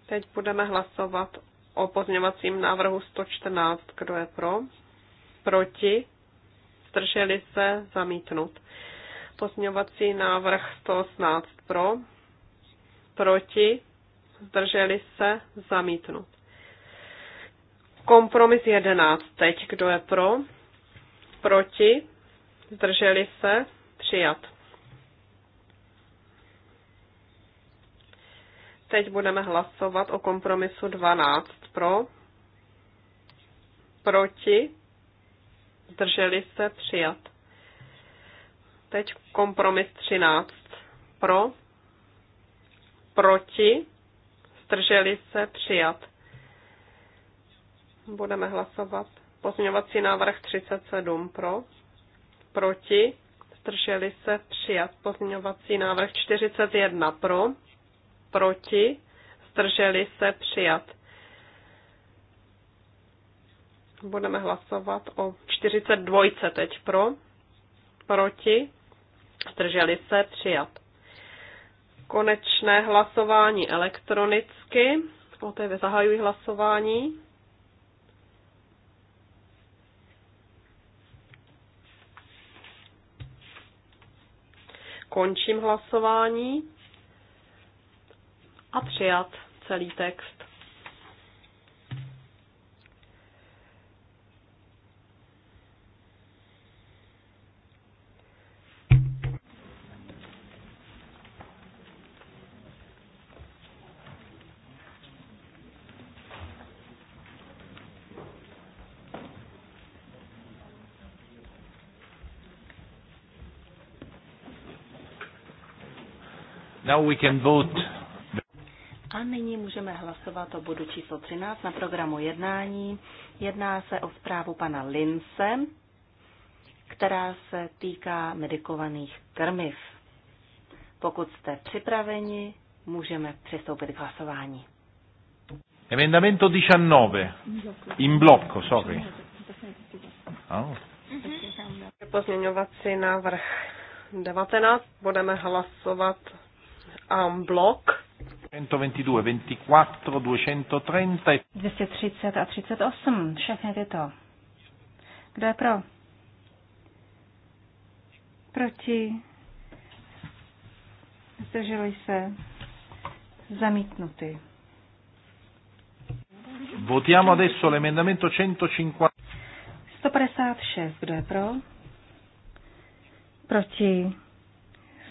Teď budeme hlasovat o pozměňovacím návrhu 114. Kdo je pro? Proti? Zdrželi se? Zamítnut. Pozměňovací návrh 118 pro? Proti? Zdrželi se? Zamítnut. Kompromis 11. Teď kdo je pro? Proti? Zdrželi se? Přijat. Teď budeme hlasovat o kompromisu 12 pro, proti, zdrželi se, přijat. Teď kompromis 13 pro, proti, zdrželi se, přijat. Budeme hlasovat. Pozměňovací návrh 37 pro, proti, zdrželi se přijat. Pozměňovací návrh 41 pro, proti, zdrželi se přijat. Budeme hlasovat o 42 teď pro, proti, zdrželi se přijat. Konečné hlasování elektronicky. Poté zahajuji hlasování. Končím hlasování a přijat celý text. Now we can vote. A nyní můžeme hlasovat o bodu číslo 13 na programu jednání. Jedná se o zprávu pana Lince, která se týká medikovaných krmiv. Pokud jste připraveni, můžeme přistoupit k hlasování. Emendamento 19. In blocco, sorry. Oh. Pozměňovací návrh 19. Budeme hlasovat um, blok. 122, 24, 230. 230 a 38, všechny tyto. Kdo je pro? Proti? Zdrželi se? Zamítnuty. Votiamo adesso l'emendamento 150. 156. Kdo je pro? Proti?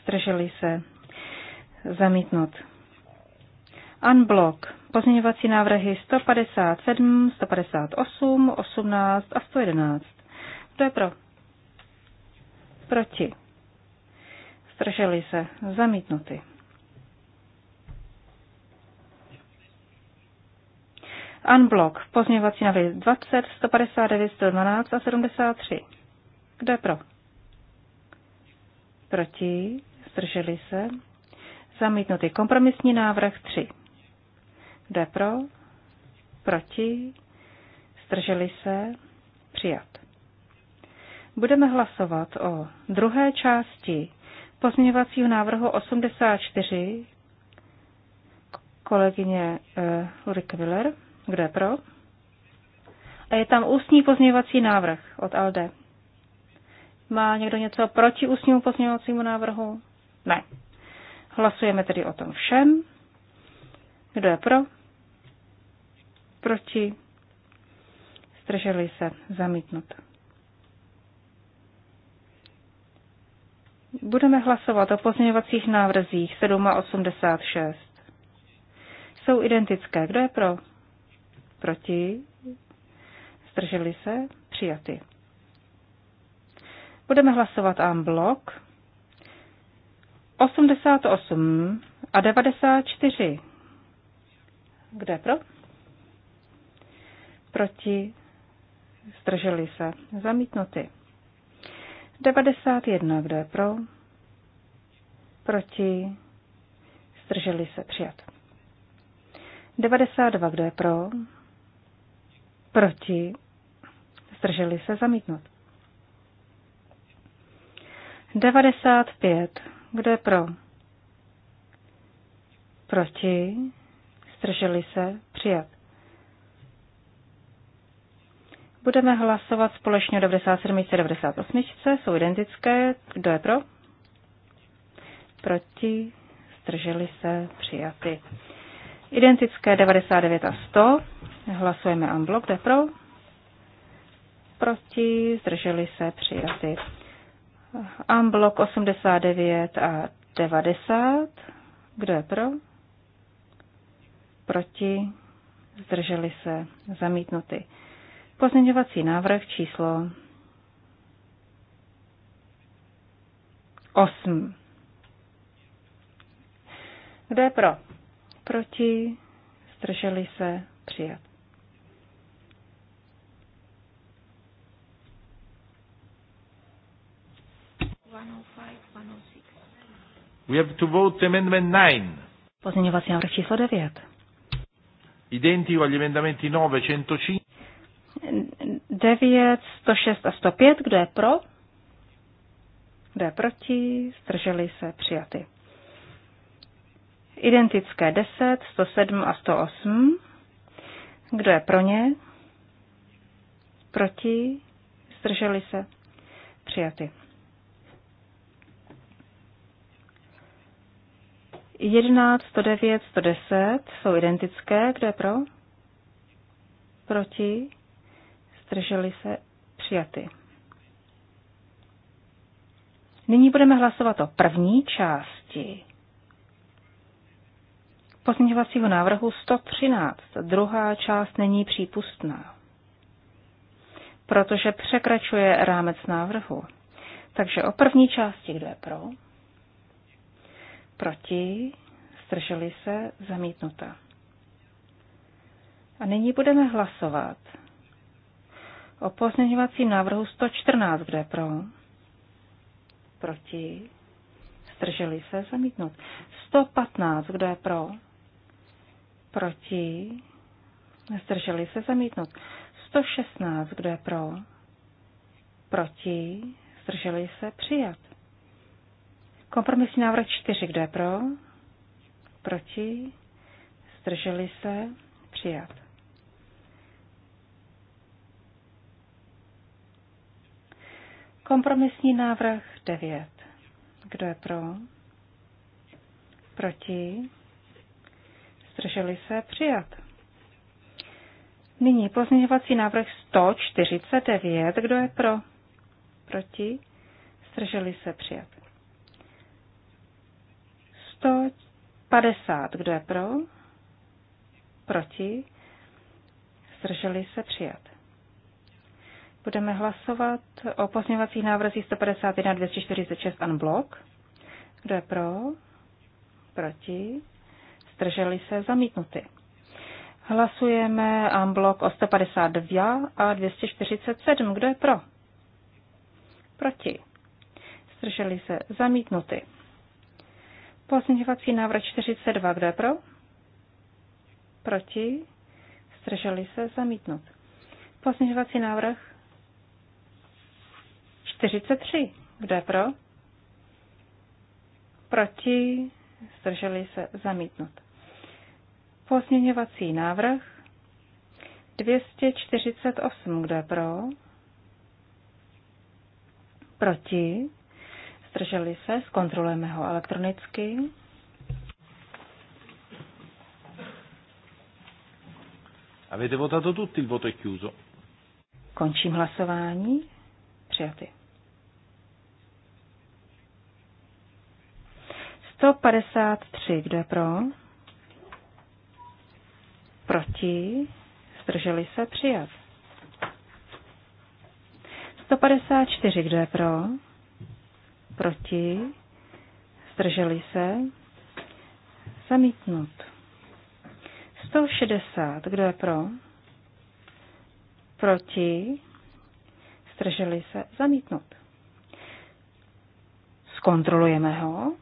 Zdrželi se? Zamítnut. Unblock. Pozměňovací návrhy 157, 158, 18 a 111. Kdo je pro? Proti. Strželi se. Zamítnuty. Unblock. Pozměňovací návrhy 20, 159, 112 a 73. Kdo je pro? Proti. Strželi se. Zamítnutý kompromisní návrh 3. Kdo je pro? Proti? Zdrželi se? Přijat. Budeme hlasovat o druhé části pozměňovacího návrhu 84 kolegyně uh, Ulrike Willer. Kdo je pro? A je tam ústní pozměňovací návrh od Alde. Má někdo něco proti ústnímu pozměňovacímu návrhu? Ne. Hlasujeme tedy o tom všem. Kdo je pro? Proti? Zdrželi se zamítnut. Budeme hlasovat o pozměňovacích návrzích 7 a 86. Jsou identické. Kdo je pro? Proti? Zdrželi se? Přijaty. Budeme hlasovat en blok 88 a 94. Kde pro? Proti. Zdrželi se. Zamítnuty. 91. Kdo je pro? Proti. Zdrželi se. Přijat. 92. Kdo je pro? Proti. Zdrželi se. Zamítnut. 95 kdo je pro? Proti? Strželi se? Přijat. Budeme hlasovat společně o 97 a 98. Jsou identické. Kdo je pro? Proti? Strželi se? Přijaty. Identické 99 a 100. Hlasujeme unblock. Kdo je pro? Proti? Zdrželi se? Přijaty. Amblok 89 a 90. Kdo je pro? Proti? Zdrželi se? Zamítnuty. Pozměňovací návrh číslo 8. Kdo je pro? Proti? Zdrželi se? Přijat. Oh We have to vote amendment 9. Pozměňovací návrh číslo 9. Identico agli emendamenti 9, 105. 9, 106 a 105. Kdo je pro? Kdo je proti? Zdrželi se přijaty. Identické 10, 107 a 108. Kdo je pro ně? Proti? Zdrželi se? Přijaty. 11, 109, 110 jsou identické. Kdo je pro? Proti? Zdrželi se? Přijaty. Nyní budeme hlasovat o první části pozměňovacího návrhu 113. Druhá část není přípustná, protože překračuje rámec návrhu. Takže o první části, kdo je pro? proti, strželi se, zamítnuta. A nyní budeme hlasovat o pozměňovacím návrhu 114, kde pro, proti, strželi se, zamítnut. 115, kdo je pro, proti, strželi se, zamítnut. 116, kdo je pro, proti, strželi se, přijat. Kompromisní návrh čtyři. Kdo je pro? Proti? Zdrželi se? Přijat. Kompromisní návrh 9. Kdo je pro? Proti? Zdrželi se? Přijat. Nyní pozměňovací návrh 149. Kdo je pro? Proti? Zdrželi se? Přijat. 150. Kdo je pro? Proti? Zdrželi se přijat. Budeme hlasovat o pozměňovacích návrzích 151 246 unblock. Kdo je pro? Proti? Zdrželi se zamítnuty. Hlasujeme unblock o 152 a 247. Kdo je pro? Proti? Zdrželi se zamítnuty. Pozměňovací návrh 42, kdo je pro? Proti? Zdrželi se zamítnout. Pozměňovací návrh 43, kdo je pro? Proti? Zdrželi se zamítnout. Pozměňovací návrh 248, kdo je pro? Proti? Zdrželi se? Zkontrolujeme ho elektronicky. Avete votato tutti, il voto è chiuso. Končím hlasování. Přijaty. 153, kdo je pro? Proti? Zdrželi se? Přijat. 154, kdo je pro? proti, zdrželi se, zamítnut. 160, kdo je pro, proti, zdrželi se, zamítnut. Zkontrolujeme ho.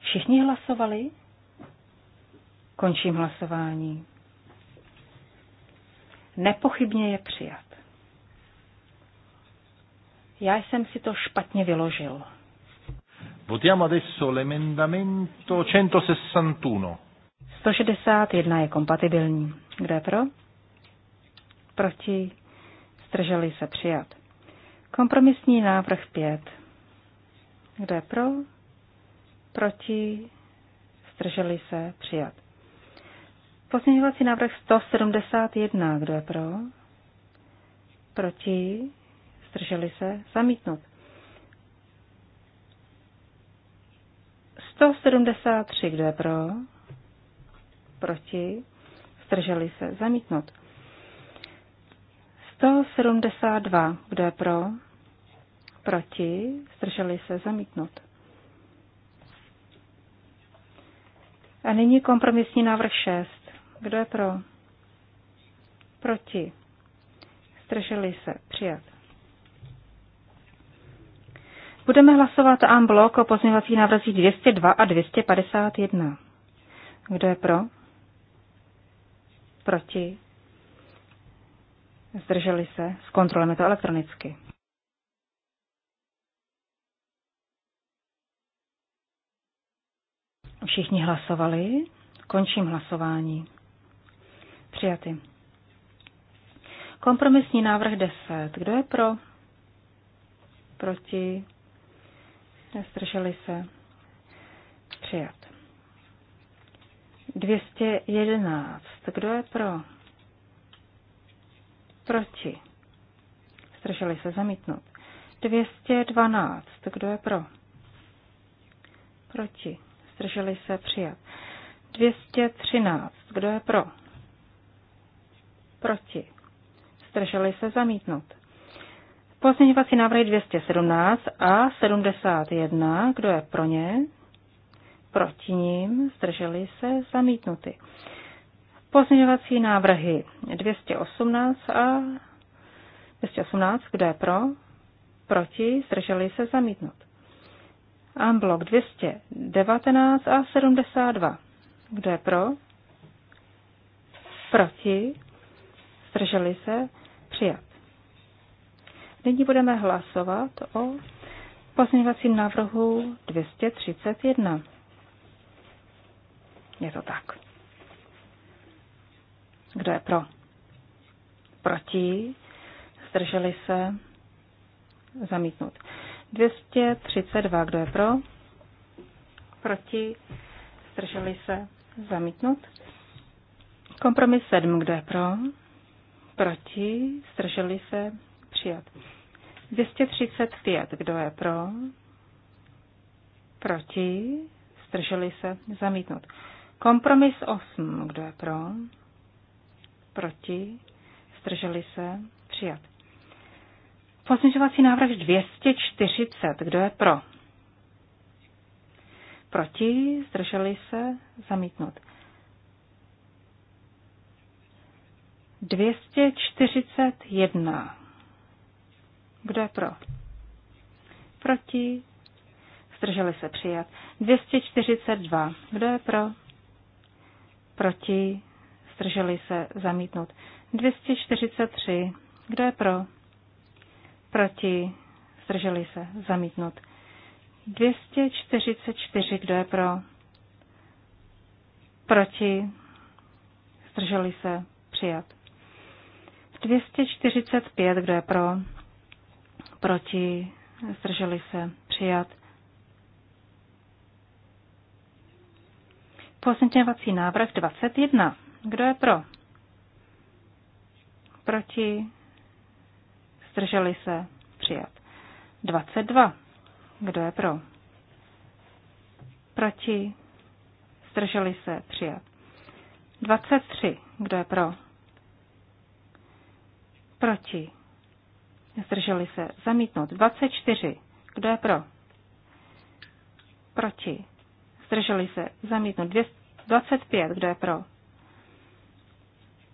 Všichni hlasovali? Končím hlasování. Nepochybně je přijat. Já jsem si to špatně vyložil. Votiamo adesso l'emendamento 161. 161 je kompatibilní. Kde je pro? Proti? Strželi se přijat. Kompromisní návrh 5. Kde je pro? Proti? Strželi se přijat. Pozměňovací návrh 171. Kdo je pro? Proti? Zdrželi se? Zamítnout. 173. Kdo je pro? Proti? Zdrželi se? Zamítnout. 172. Kdo je pro? Proti? Zdrželi se? Zamítnout. A nyní kompromisní návrh 6. Kdo je pro? Proti. Zdrželi se. Přijat. Budeme hlasovat en blok o pozměňovacích návrzích 202 a 251. Kdo je pro? Proti? Zdrželi se? Zkontrolujeme to elektronicky. Všichni hlasovali. Končím hlasování. Přijaty. Kompromisní návrh 10. Kdo je pro? Proti? Nestrželi se? Přijat. 211. Kdo je pro? Proti? Strželi se zamítnout. 212. Kdo je pro? Proti? Strželi se přijat. 213. Kdo je pro? proti, zdrželi se zamítnout. Pozměňovací návrhy 217 a 71, kdo je pro ně, proti ním, zdrželi se zamítnuty. Pozměňovací návrhy 218 a 218, kdo je pro, proti, zdrželi se zamítnout. Amblok 219 a 72, kdo je pro, proti, zdrželi se, přijat. Nyní budeme hlasovat o pozměňovacím návrhu 231. Je to tak. Kdo je pro? Proti? Zdrželi se? Zamítnut. 232. Kdo je pro? Proti? Zdrželi se? Zamítnut. Kompromis 7. Kdo je pro? Proti? Zdrželi se? Přijat. 235. Kdo je pro? Proti? Zdrželi se? Zamítnout. Kompromis 8. Kdo je pro? Proti? Zdrželi se? Přijat. Pozměňovací návrh 240. Kdo je pro? Proti? Zdrželi se? Zamítnout. 241. Kdo je pro? Proti? Zdrželi se přijat. 242. Kdo je pro? Proti? Zdrželi se zamítnout. 243. Kdo je pro? Proti? Zdrželi se zamítnout. 244. Kdo je pro? Proti? Zdrželi se přijat. 245, kdo je pro, proti, zdrželi se, přijat. Pozměňovací návrh 21. Kdo je pro? Proti? Zdrželi se? Přijat. 22. Kdo je pro? Proti? Zdrželi se? Přijat. 23. Kdo je pro? Proti. Zdrželi se. Zamítnout. 24. Kdo je pro? Proti. Zdrželi se. Zamítnout. 25. Kdo je pro?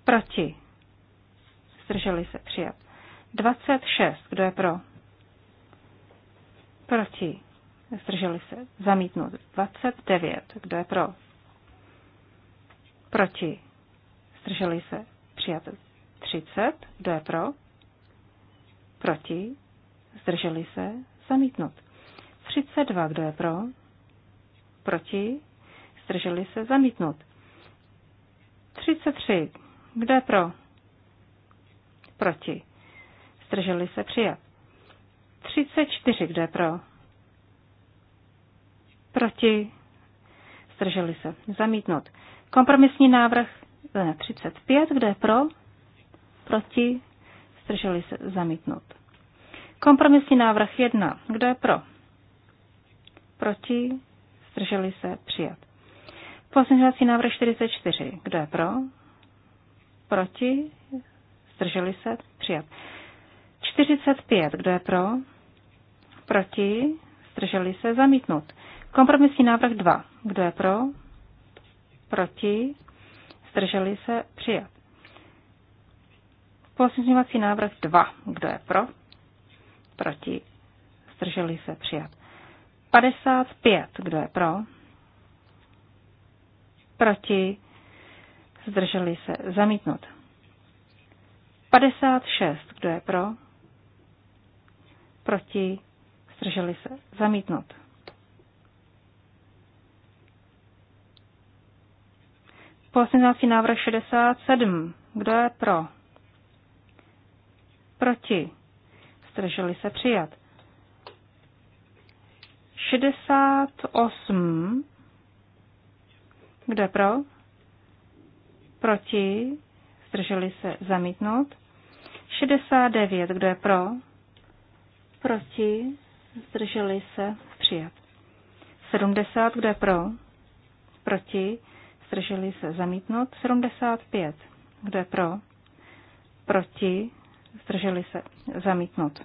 Proti. Zdrželi se. Přijat. 26. Kdo je pro? Proti. Zdrželi se. Zamítnout. 29. Kdo je pro? Proti. Zdrželi se. Přijat. 30. Kdo je pro? Proti? Zdrželi se? Zamítnut. 32. Kdo je pro? Proti? Zdrželi se? Zamítnut. 33. Kdo je pro? Proti. Zdrželi se? Přijat. 34. Kdo je pro? Proti? Zdrželi se? Zamítnut. Kompromisní návrh 35. Eh, kdo je pro? Proti? strželi se zamítnout. Kompromisní návrh 1. Kdo je pro? Proti? strželi se přijat. Pozměňovací návrh 44. Kdo je pro? Proti? strželi se přijat. 45. Kdo je pro? Proti? strželi se zamítnout. Kompromisní návrh 2. Kdo je pro? Proti? strželi se přijat. Pozměňovací návrh 2. Kdo je pro? Proti? Zdrželi se přijat. 55. Kdo je pro? Proti? Zdrželi se zamítnout. 56. Kdo je pro? Proti? Zdrželi se zamítnout. Pozměňovací návrh 67. Kdo je pro? Proti. Zdrželi se přijat. 68. Kde pro? Proti. Zdrželi se zamítnout. 69. Kdo je pro? Proti. Zdrželi se přijat. 70. Kdo je pro? Proti. Zdrželi se zamítnout. 75. Kdo je pro? Proti zdrželi se zamítnout.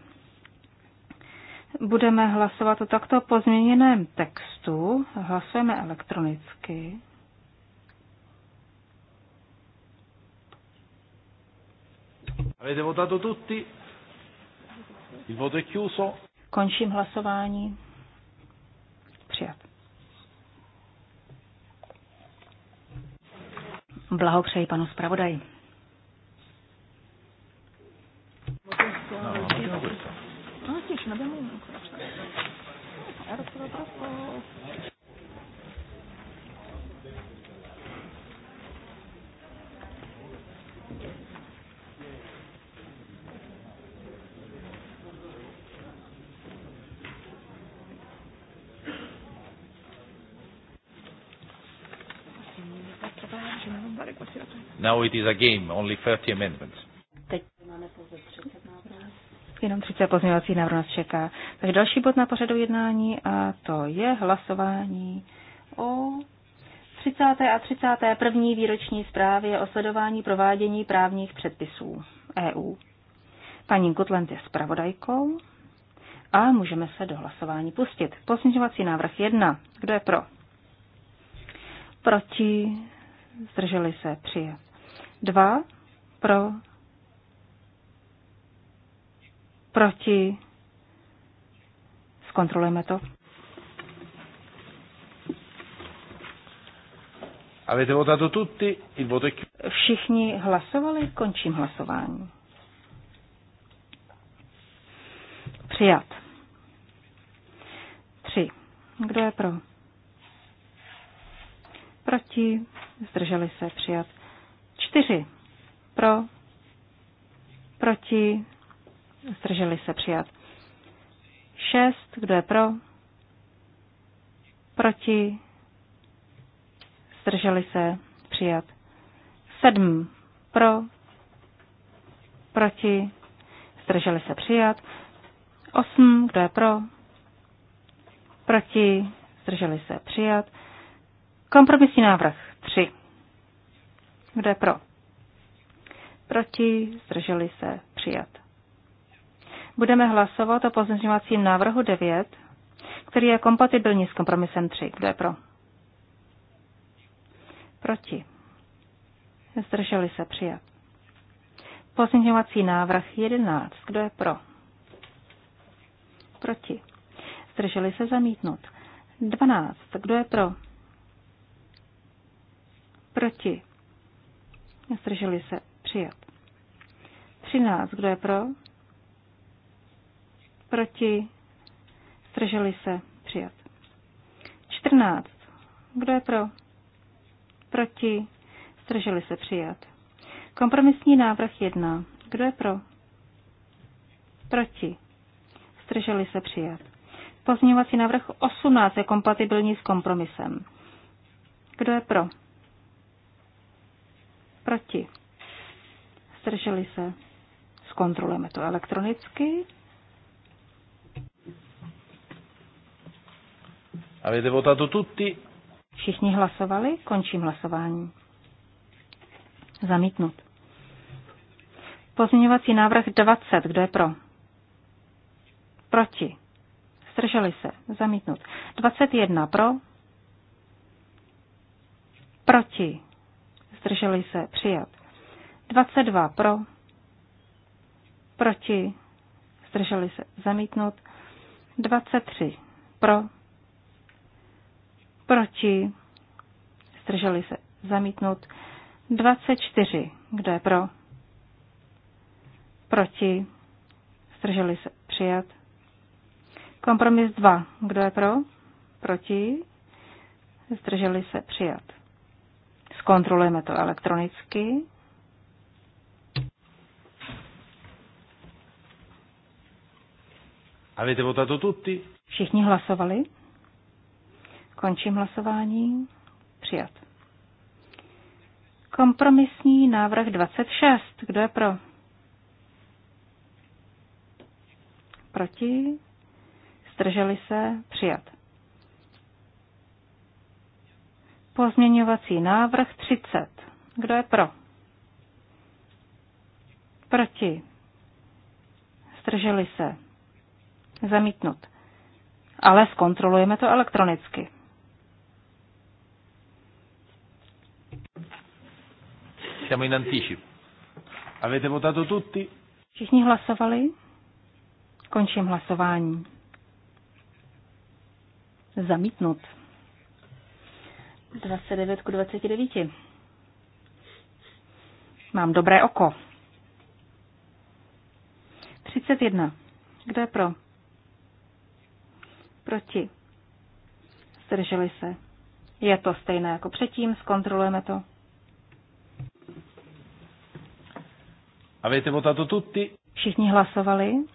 Budeme hlasovat o takto pozměněném textu. Hlasujeme elektronicky. Avete votato tutti? Il voto è chiuso. Končím hlasování. Přijat. Blahopřeji panu zpravodaji. Jako Now it is a game, only 30 amendments. Jenom 30 pozměňovacích návrhů nás čeká. Takže další bod na pořadu jednání a to je hlasování o 30. a 31. výroční zprávě o sledování provádění právních předpisů EU. Paní Gutland je zpravodajkou a můžeme se do hlasování pustit. Pozměňovací návrh 1. Kdo je pro? Proti? Zdrželi se? Přijat. 2. Pro? proti, zkontrolujeme to. Avete votato tutti, il voto è Všichni hlasovali, končím hlasování. Přijat. Tři. Kdo je pro? Proti. Zdrželi se. Přijat. Čtyři. Pro. Proti. Zdrželi se přijat. šest Kdo je pro? Proti? Zdrželi se přijat. sedm Pro? Proti? Zdrželi se přijat. osm Kdo je pro? Proti? Zdrželi se přijat. Kompromisní návrh tři Kdo je pro? Proti? Zdrželi se přijat. Budeme hlasovat o pozměňovacím návrhu 9, který je kompatibilní s kompromisem 3. Kdo je pro? Proti. Zdrželi se přijat. Pozměňovací návrh 11. Kdo je pro? Proti. Zdrželi se zamítnout. 12. Kdo je pro? Proti. Zdrželi se přijat. 13. Kdo je pro? Proti? Zdrželi se? Přijat. 14. Kdo je pro? Proti? Zdrželi se? Přijat. Kompromisní návrh 1. Kdo je pro? Proti? Zdrželi se? Přijat. Pozměňovací návrh 18 je kompatibilní s kompromisem. Kdo je pro? Proti? Zdrželi se? Zkontrolujeme to elektronicky. Avete votato tutti? Všichni hlasovali, končím hlasování. Zamítnut. Pozměňovací návrh 20, kdo je pro? Proti. Zdrželi se. Zamítnut. 21 pro. Proti. Zdrželi se. Přijat. 22 pro. Proti. Zdrželi se. Zamítnut. 23 pro Proti? Zdrželi se. Zamítnut. 24. Kdo je pro? Proti? Zdrželi se. Přijat. Kompromis 2. Kdo je pro? Proti? Zdrželi se. Přijat. Zkontrolujeme to elektronicky. Avete votato tutti? Všichni hlasovali? Končím hlasování. Přijat. Kompromisní návrh 26. Kdo je pro? Proti? Zdrželi se? Přijat. Pozměňovací návrh 30. Kdo je pro? Proti? Zdrželi se? Zamítnut. Ale zkontrolujeme to elektronicky. siamo in anticipo. Avete votato tutti? Všichni hlasovali? Končím hlasování. Zamítnut. 29 k 29. Mám dobré oko. 31. Kdo je pro? Proti. Zdrželi se. Je to stejné jako předtím, zkontrolujeme to. Avete votato tutti? Všichni hlasovali.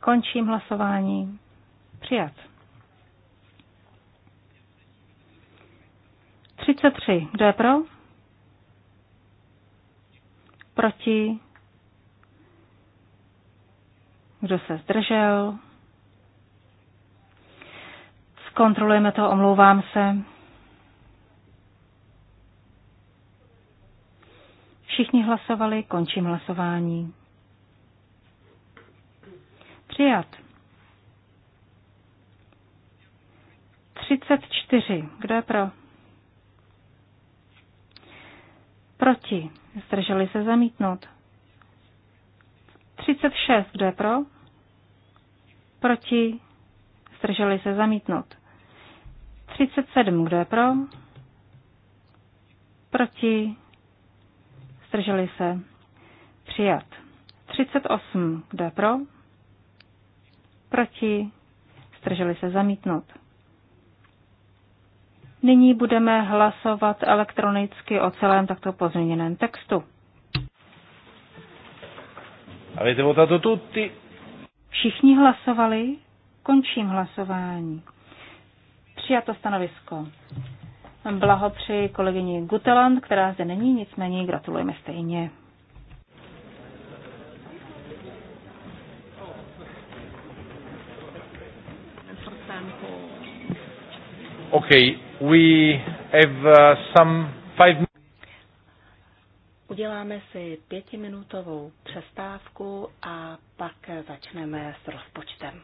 Končím hlasování. Přijat. 33. Kdo je pro? Proti? Kdo se zdržel? Zkontrolujeme to, omlouvám se. Všichni hlasovali, končím hlasování. Přijat. 34. Kdo je pro? Proti. Zdrželi se zamítnout. 36. Kdo je pro? Proti. Zdrželi se zamítnout. 37. Kdo je pro? Proti. Zdrželi se. Přijat. 38. Kdo je pro? Proti? Zdrželi se zamítnout. Nyní budeme hlasovat elektronicky o celém takto pozměněném textu. votato Všichni hlasovali? Končím hlasování. Přijato stanovisko blahopřeji kolegyni Guteland, která zde není, nicméně gratulujeme stejně. Okay, we have uh, some five Uděláme si pětiminutovou přestávku a pak začneme s rozpočtem.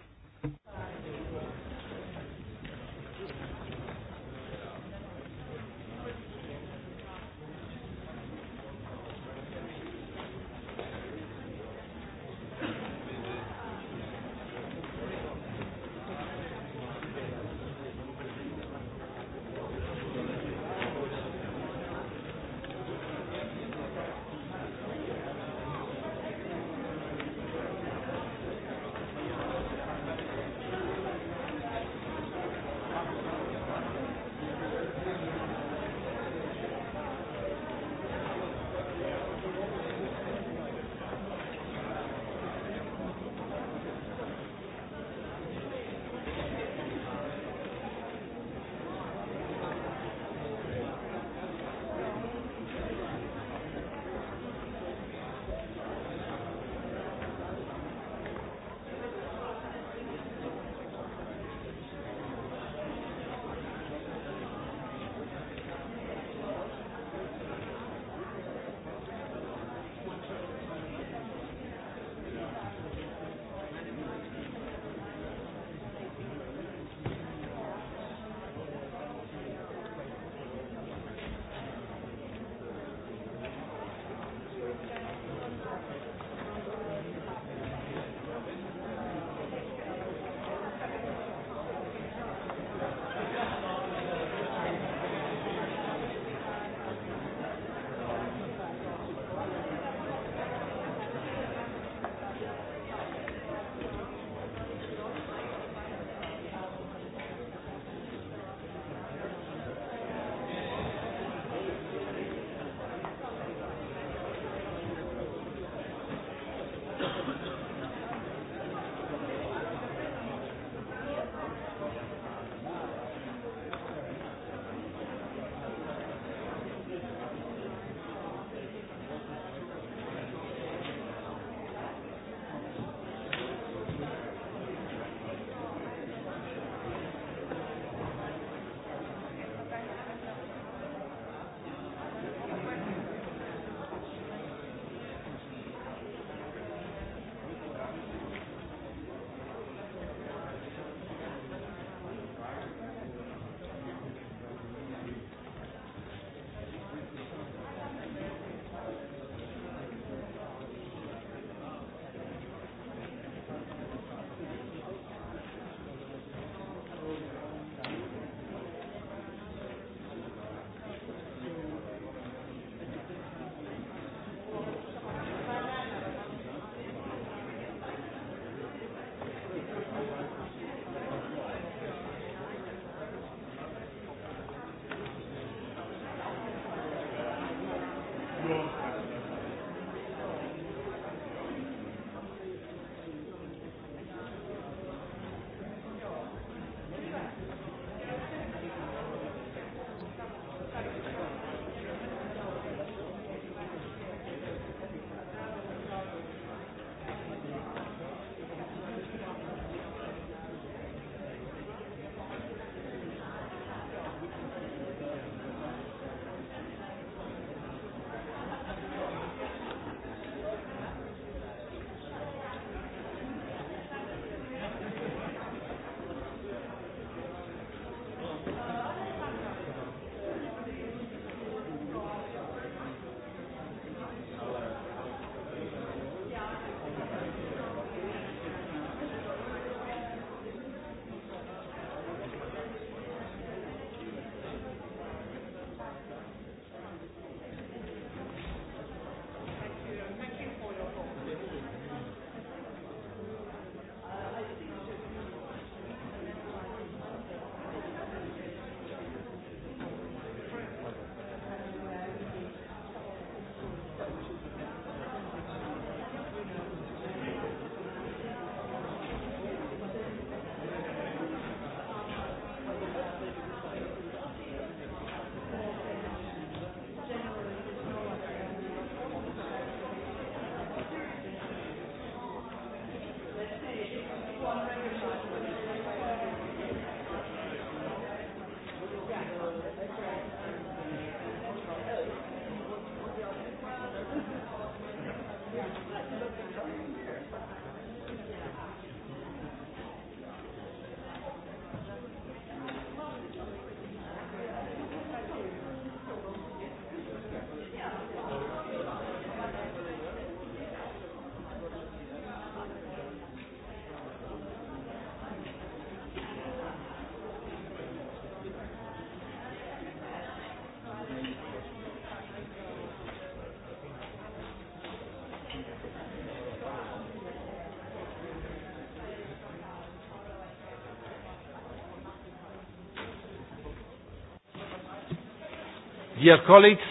Dear colleagues,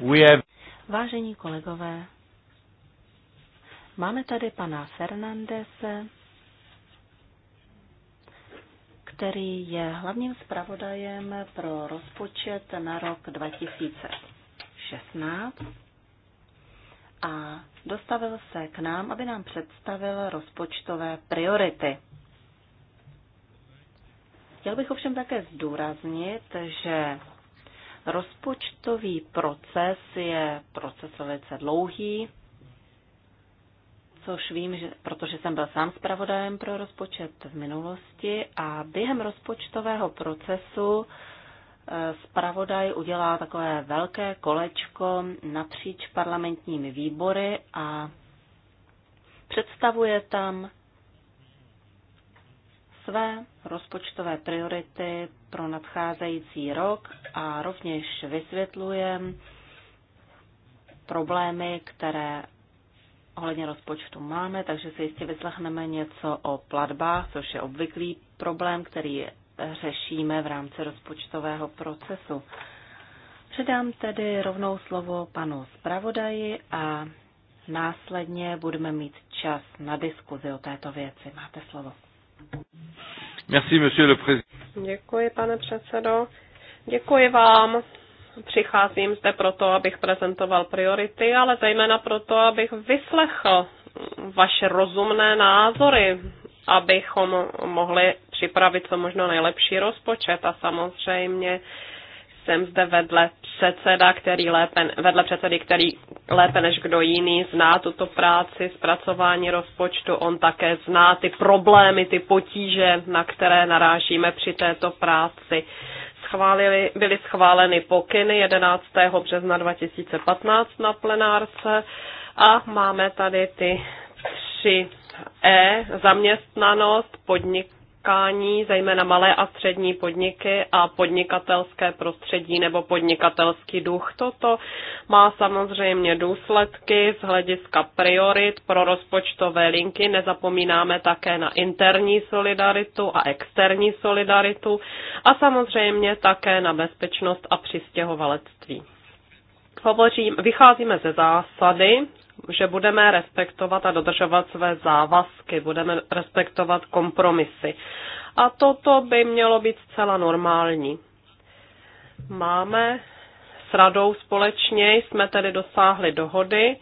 we have... Vážení kolegové, máme tady pana Fernandese, který je hlavním zpravodajem pro rozpočet na rok 2016 a dostavil se k nám, aby nám představil rozpočtové priority. Chtěl bych ovšem také zdůraznit, že Rozpočtový proces je proces velice dlouhý, což vím, že, protože jsem byl sám zpravodajem pro rozpočet v minulosti a během rozpočtového procesu eh, zpravodaj udělá takové velké kolečko napříč parlamentními výbory a představuje tam své rozpočtové priority pro nadcházející rok a rovněž vysvětluje problémy, které ohledně rozpočtu máme, takže si jistě vyslechneme něco o platbách, což je obvyklý problém, který řešíme v rámci rozpočtového procesu. Předám tedy rovnou slovo panu zpravodaji a následně budeme mít čas na diskuzi o této věci. Máte slovo. Merci, monsieur le président. Děkuji, pane předsedo. Děkuji vám. Přicházím zde proto, abych prezentoval priority, ale zejména proto, abych vyslechl vaše rozumné názory, abychom mohli připravit co možná nejlepší rozpočet a samozřejmě jsem zde vedle předseda, který lépe, vedle předsedy, který lépe než kdo jiný zná tuto práci, zpracování rozpočtu, on také zná ty problémy, ty potíže, na které narážíme při této práci. Schválili, byly schváleny pokyny 11. března 2015 na plenárce a máme tady ty tři E, zaměstnanost, podnik, setkání, zejména malé a střední podniky a podnikatelské prostředí nebo podnikatelský duch. Toto má samozřejmě důsledky z hlediska priorit pro rozpočtové linky. Nezapomínáme také na interní solidaritu a externí solidaritu a samozřejmě také na bezpečnost a přistěhovalectví. Hovořím, vycházíme ze zásady, že budeme respektovat a dodržovat své závazky, budeme respektovat kompromisy. A toto by mělo být zcela normální. Máme s radou společně, jsme tedy dosáhli dohody,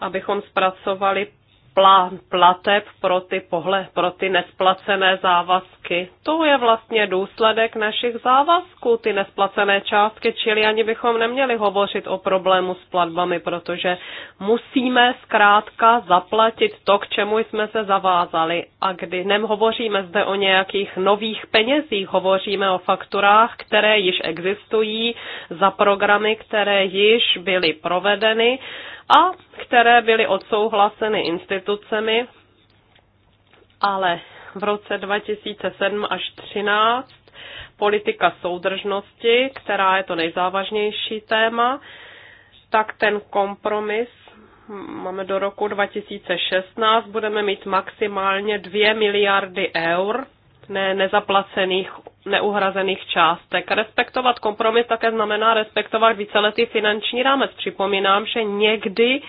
abychom zpracovali plán plateb pro ty, pohle, pro ty nesplacené závazky. To je vlastně důsledek našich závazků, ty nesplacené částky, čili ani bychom neměli hovořit o problému s platbami, protože musíme zkrátka zaplatit to, k čemu jsme se zavázali. A kdy nemhovoříme zde o nějakých nových penězích, hovoříme o fakturách, které již existují, za programy, které již byly provedeny a které byly odsouhlaseny institucemi, ale v roce 2007 až 2013 politika soudržnosti, která je to nejzávažnější téma, tak ten kompromis máme do roku 2016, budeme mít maximálně 2 miliardy eur ne, nezaplacených, neuhrazených částek. Respektovat kompromis také znamená respektovat víceletý finanční rámec. Připomínám, že někdy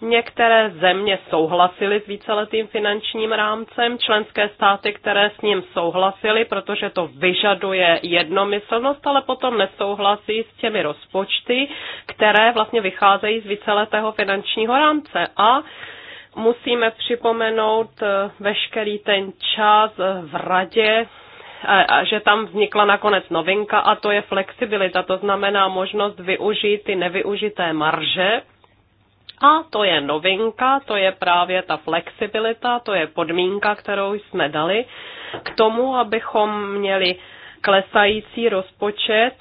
některé země souhlasily s víceletým finančním rámcem, členské státy, které s ním souhlasily, protože to vyžaduje jednomyslnost, ale potom nesouhlasí s těmi rozpočty, které vlastně vycházejí z víceletého finančního rámce. A Musíme připomenout eh, veškerý ten čas eh, v radě, a že tam vznikla nakonec novinka a to je flexibilita, to znamená možnost využít ty nevyužité marže. A to je novinka, to je právě ta flexibilita, to je podmínka, kterou jsme dali k tomu, abychom měli klesající rozpočet,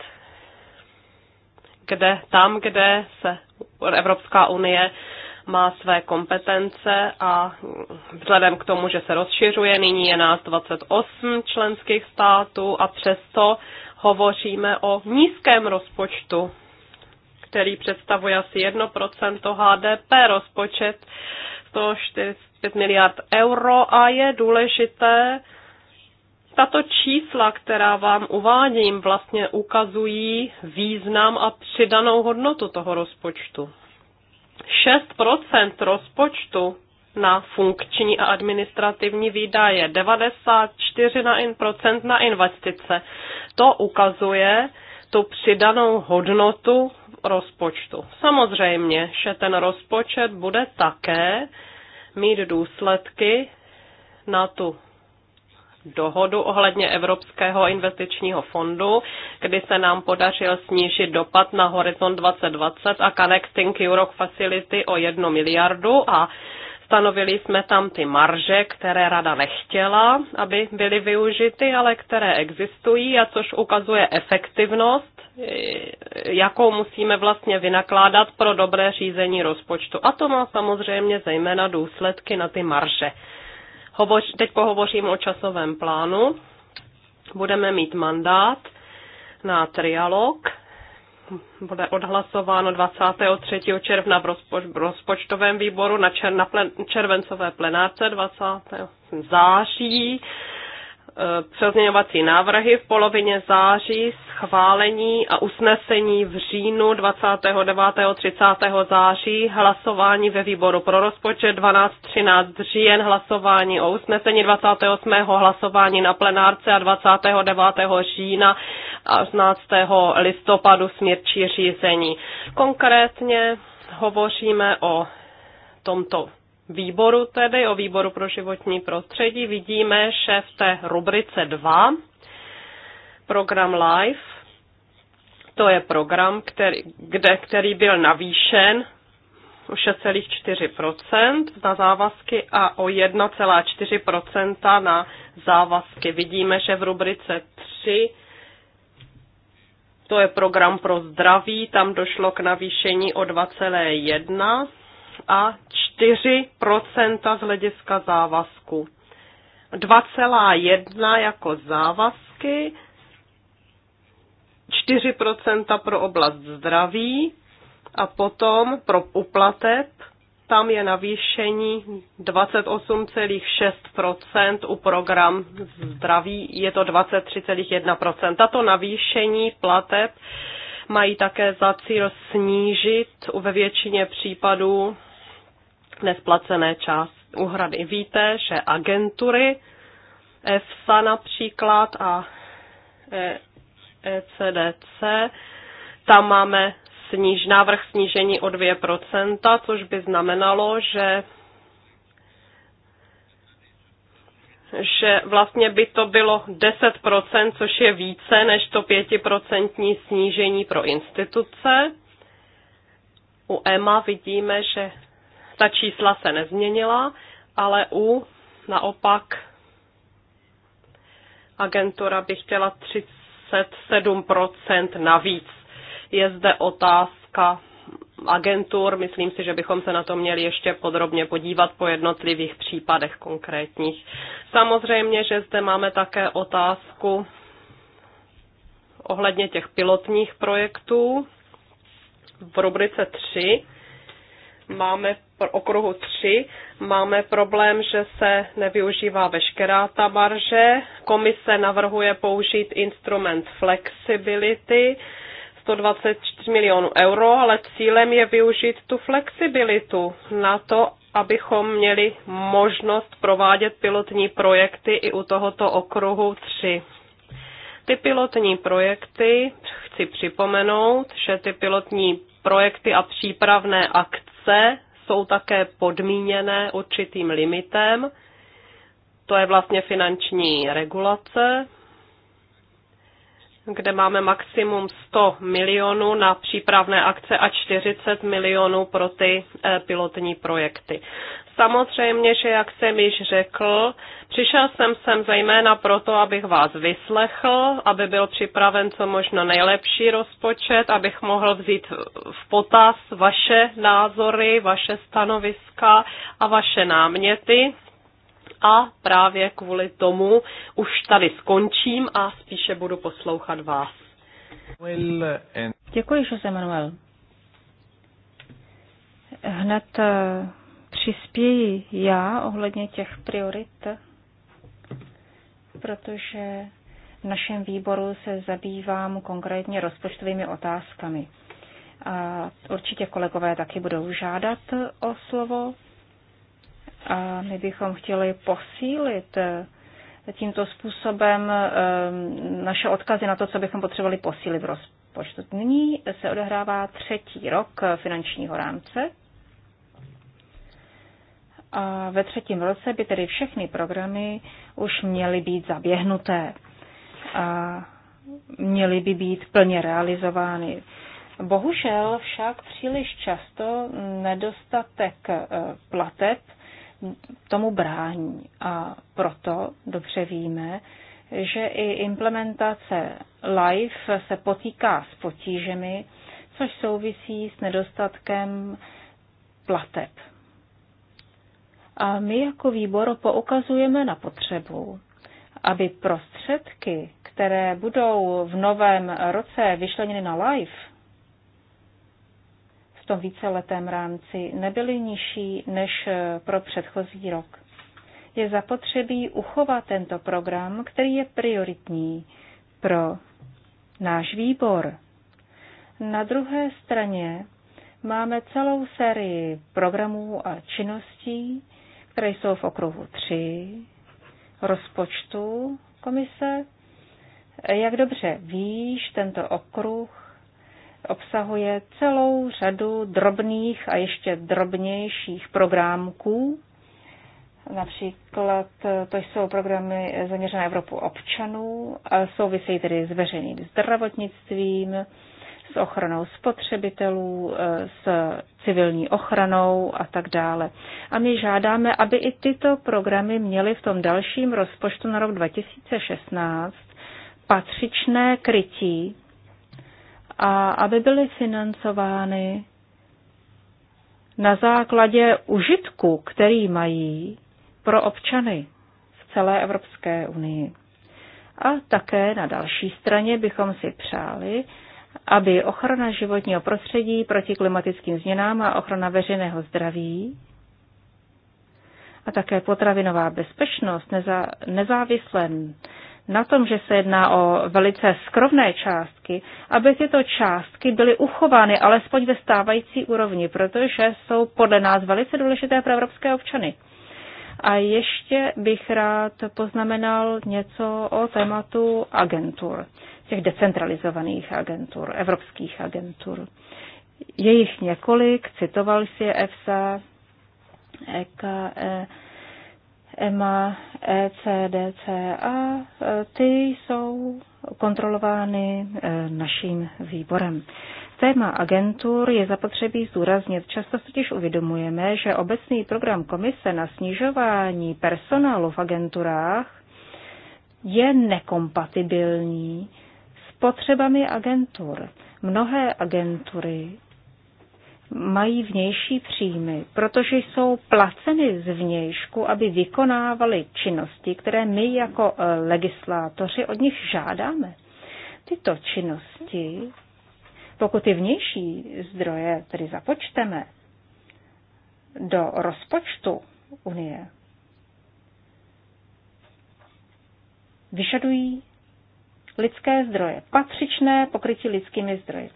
kde, tam, kde se Evropská unie má své kompetence a vzhledem k tomu, že se rozšiřuje, nyní je nás 28 členských států a přesto hovoříme o nízkém rozpočtu, který představuje asi 1% HDP rozpočet 145 miliard euro a je důležité, tato čísla, která vám uvádím, vlastně ukazují význam a přidanou hodnotu toho rozpočtu. 6 rozpočtu na funkční a administrativní výdaje, 94 na in, na investice. To ukazuje tu přidanou hodnotu rozpočtu. Samozřejmě, že ten rozpočet bude také mít důsledky na tu dohodu ohledně Evropského investičního fondu, kdy se nám podařil snížit dopad na Horizon 2020 a Connecting Europe Facility o jednu miliardu a stanovili jsme tam ty marže, které rada nechtěla, aby byly využity, ale které existují a což ukazuje efektivnost, jakou musíme vlastně vynakládat pro dobré řízení rozpočtu. A to má samozřejmě zejména důsledky na ty marže. Hovoř, teď pohovořím o časovém plánu. Budeme mít mandát na trialog. Bude odhlasováno 23. června v, rozpoč, v rozpočtovém výboru na, čer, na plen, červencové plenárce 20. září Eh, přezměňovací návrhy v polovině září, schválení a usnesení v říjnu 29. 30. září, hlasování ve výboru pro rozpočet 12-13 říjen, hlasování o usnesení 28. hlasování na plenárce a 29. října a 16. listopadu smírčí řízení. Konkrétně hovoříme o tomto výboru, tedy o výboru pro životní prostředí, vidíme, že v té rubrice 2, program Live, to je program, který, kde, který byl navýšen o 6,4% na závazky a o 1,4% na závazky. Vidíme, že v rubrice 3 to je program pro zdraví, tam došlo k navýšení o 2,1 a 4% z hlediska závazku. 2,1 jako závazky, 4% pro oblast zdraví a potom pro uplateb tam je navýšení 28,6%, u program zdraví je to 23,1%. Tato navýšení plateb Mají také za cíl snížit ve většině případů nesplacené část úhrady. Víte, že agentury EFSA například a ECDC, e tam máme sníž, návrh snížení o 2%, což by znamenalo, že že vlastně by to bylo 10%, což je více než to 5% snížení pro instituce. U EMA vidíme, že ta čísla se nezměnila, ale u naopak agentura by chtěla 37% navíc. Je zde otázka agentur. Myslím si, že bychom se na to měli ještě podrobně podívat po jednotlivých případech konkrétních. Samozřejmě, že zde máme také otázku ohledně těch pilotních projektů. V rubrice 3 máme okruhu 3 máme problém, že se nevyužívá veškerá ta marže. Komise navrhuje použít instrument flexibility 124 milionů euro, ale cílem je využít tu flexibilitu na to, abychom měli možnost provádět pilotní projekty i u tohoto okruhu 3. Ty pilotní projekty, chci připomenout, že ty pilotní projekty a přípravné akce jsou také podmíněné určitým limitem. To je vlastně finanční regulace kde máme maximum 100 milionů na přípravné akce a 40 milionů pro ty eh, pilotní projekty. Samozřejmě, že jak jsem již řekl, přišel jsem sem zejména proto, abych vás vyslechl, aby byl připraven co možno nejlepší rozpočet, abych mohl vzít v potaz vaše názory, vaše stanoviska a vaše náměty a právě kvůli tomu už tady skončím a spíše budu poslouchat vás. Děkuji, Jose Manuel. Hned eh, přispěji já ohledně těch priorit, protože v našem výboru se zabývám konkrétně rozpočtovými otázkami. A určitě kolegové taky budou žádat o slovo. A my bychom chtěli posílit eh, tímto způsobem eh, naše odkazy na to, co bychom potřebovali posílit v rozpočtu. Nyní se odehrává třetí rok eh, finančního rámce. A ve třetím roce by tedy všechny programy už měly být zaběhnuté a měly by být plně realizovány. Bohužel však příliš často nedostatek plateb tomu brání. A proto dobře víme, že i implementace LIFE se potýká s potížemi, což souvisí s nedostatkem plateb. A my jako výbor poukazujeme na potřebu, aby prostředky, které budou v novém roce vyšleněny na LIFE, tom víceletém rámci nebyly nižší než eh, pro předchozí rok. Je zapotřebí uchovat tento program, který je prioritní pro náš výbor. Na druhé straně máme celou sérii programů a činností, které jsou v okruhu 3 rozpočtu komise. Jak dobře víš, tento okruh obsahuje celou řadu drobných a ještě drobnějších programků. Například to jsou programy zaměřené Evropu občanů, a souvisejí tedy s veřejným zdravotnictvím, s ochranou spotřebitelů, e, s civilní ochranou a tak dále. A my žádáme, aby i tyto programy měly v tom dalším rozpočtu na rok 2016 patřičné krytí a aby byly financovány na základě užitku, který mají pro občany v celé Evropské unii. A také na další straně bychom si přáli, aby ochrana životního prostředí proti klimatickým změnám a ochrana veřejného zdraví a také potravinová bezpečnost, nezávislen na tom, že se jedná o velice skromné částky, aby tyto částky byly uchovány alespoň ve stávající úrovni, protože jsou podle nás velice důležité pro evropské občany. A ještě bych rád poznamenal něco o tématu agentur, těch decentralizovaných agentur, evropských agentur. Je několik, citoval si je EFSA, EKE, EMA, ECDCA, ty jsou kontrolovány e, naším výborem. Téma agentur je zapotřebí zdůraznit. Často si totiž uvědomujeme, že obecný program komise na snižování personálu v agenturách je nekompatibilní s potřebami agentur. Mnohé agentury mají vnější příjmy, protože jsou placeny z vnějšku, aby vykonávali činnosti, které my jako eh, legislátoři od nich žádáme. Tyto činnosti, pokud ty vnější zdroje tedy započteme do rozpočtu Unie, vyžadují lidské zdroje, patřičné pokrytí lidskými zdroji.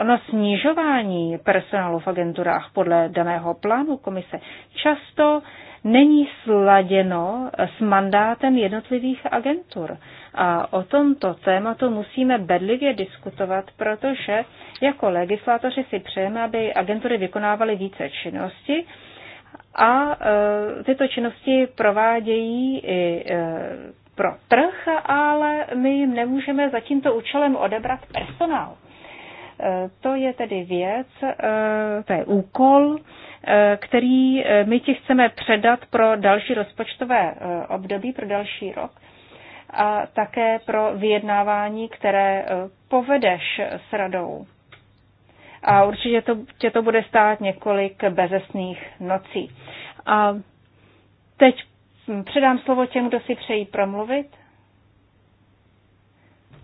Ono snižování personálu v agenturách podle daného plánu komise často není sladěno s mandátem jednotlivých agentur. A o tomto tématu musíme bedlivě diskutovat, protože jako legislátoři si přejeme, aby agentury vykonávaly více činnosti a e, tyto činnosti provádějí i e, pro trh, ale my jim nemůžeme za tímto účelem odebrat personál. To je tedy věc, eh, to je úkol, eh, který eh, my ti chceme předat pro další rozpočtové období, pro další rok a také pro vyjednávání, které povedeš s radou. A určitě to, tě to bude stát několik bezesných nocí. A teď hm, předám slovo těm, kdo si přejí promluvit.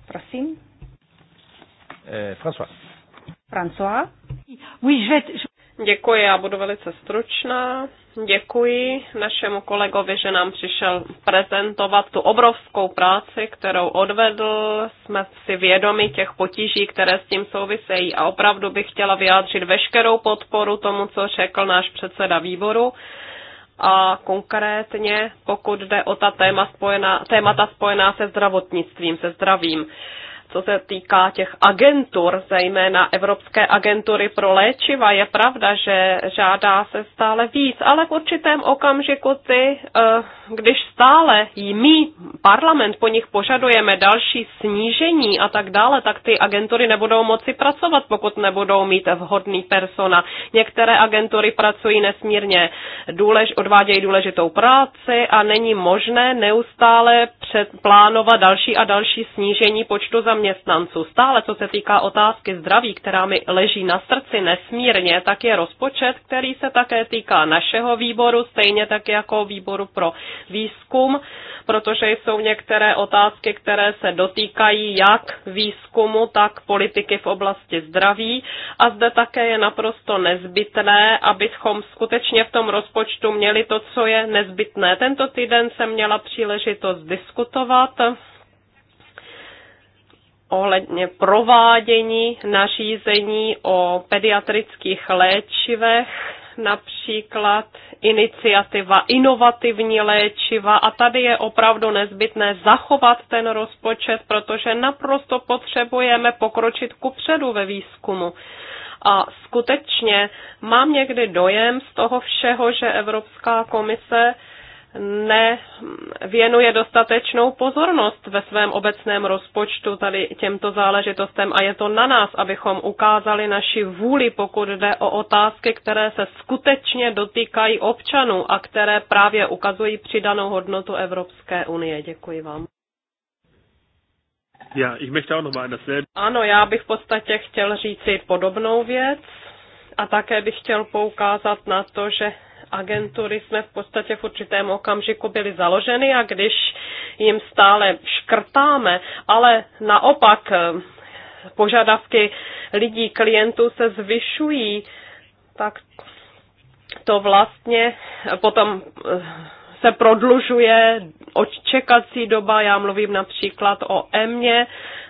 Prosím. Eh, François. François? Děkuji, já budu velice stručná. Děkuji našemu kolegovi, že nám přišel prezentovat tu obrovskou práci, kterou odvedl. Jsme si vědomi těch potíží, které s tím souvisejí a opravdu bych chtěla vyjádřit veškerou podporu tomu, co řekl náš předseda výboru. A konkrétně, pokud jde o ta téma spojená, témata spojená se zdravotnictvím, se zdravím. Uh, co se týká těch agentur, zejména Evropské agentury pro léčiva, je pravda, že žádá se stále víc, ale v určitém okamžiku ty uh, když stále my, parlament, po nich požadujeme další snížení a tak dále, tak ty agentury nebudou moci pracovat, pokud nebudou mít vhodný persona. Některé agentury pracují nesmírně, důlež, odvádějí důležitou práci a není možné neustále předplánovat další a další snížení počtu zaměstnanců. Stále, co se týká otázky zdraví, která mi leží na srdci nesmírně, tak je rozpočet, který se také týká našeho výboru, stejně tak jako výboru pro výzkum, protože jsou některé otázky, které se dotýkají jak výzkumu, tak politiky v oblasti zdraví. A zde také je naprosto nezbytné, abychom skutečně v tom rozpočtu měli to, co je nezbytné. Tento týden jsem měla příležitost diskutovat ohledně provádění nařízení o pediatrických léčivech například iniciativa inovativní léčiva a tady je opravdu nezbytné zachovat ten rozpočet, protože naprosto potřebujeme pokročit ku předu ve výzkumu. A skutečně mám někdy dojem z toho všeho, že Evropská komise nevěnuje dostatečnou pozornost ve svém obecném rozpočtu tady těmto záležitostem a je to na nás, abychom ukázali naši vůli, pokud jde o otázky, které se skutečně dotýkají občanů a které právě ukazují přidanou hodnotu Evropské unie. Děkuji vám. Já, ich möchte auch noch mal ano, já bych v podstatě chtěl říci podobnou věc a také bych chtěl poukázat na to, že agentury jsme v podstatě v určitém okamžiku byly založeny a když jim stále škrtáme, ale naopak eh, požadavky lidí, klientů se zvyšují, tak to vlastně potom eh, se prodlužuje odčekací doba, já mluvím například o EMě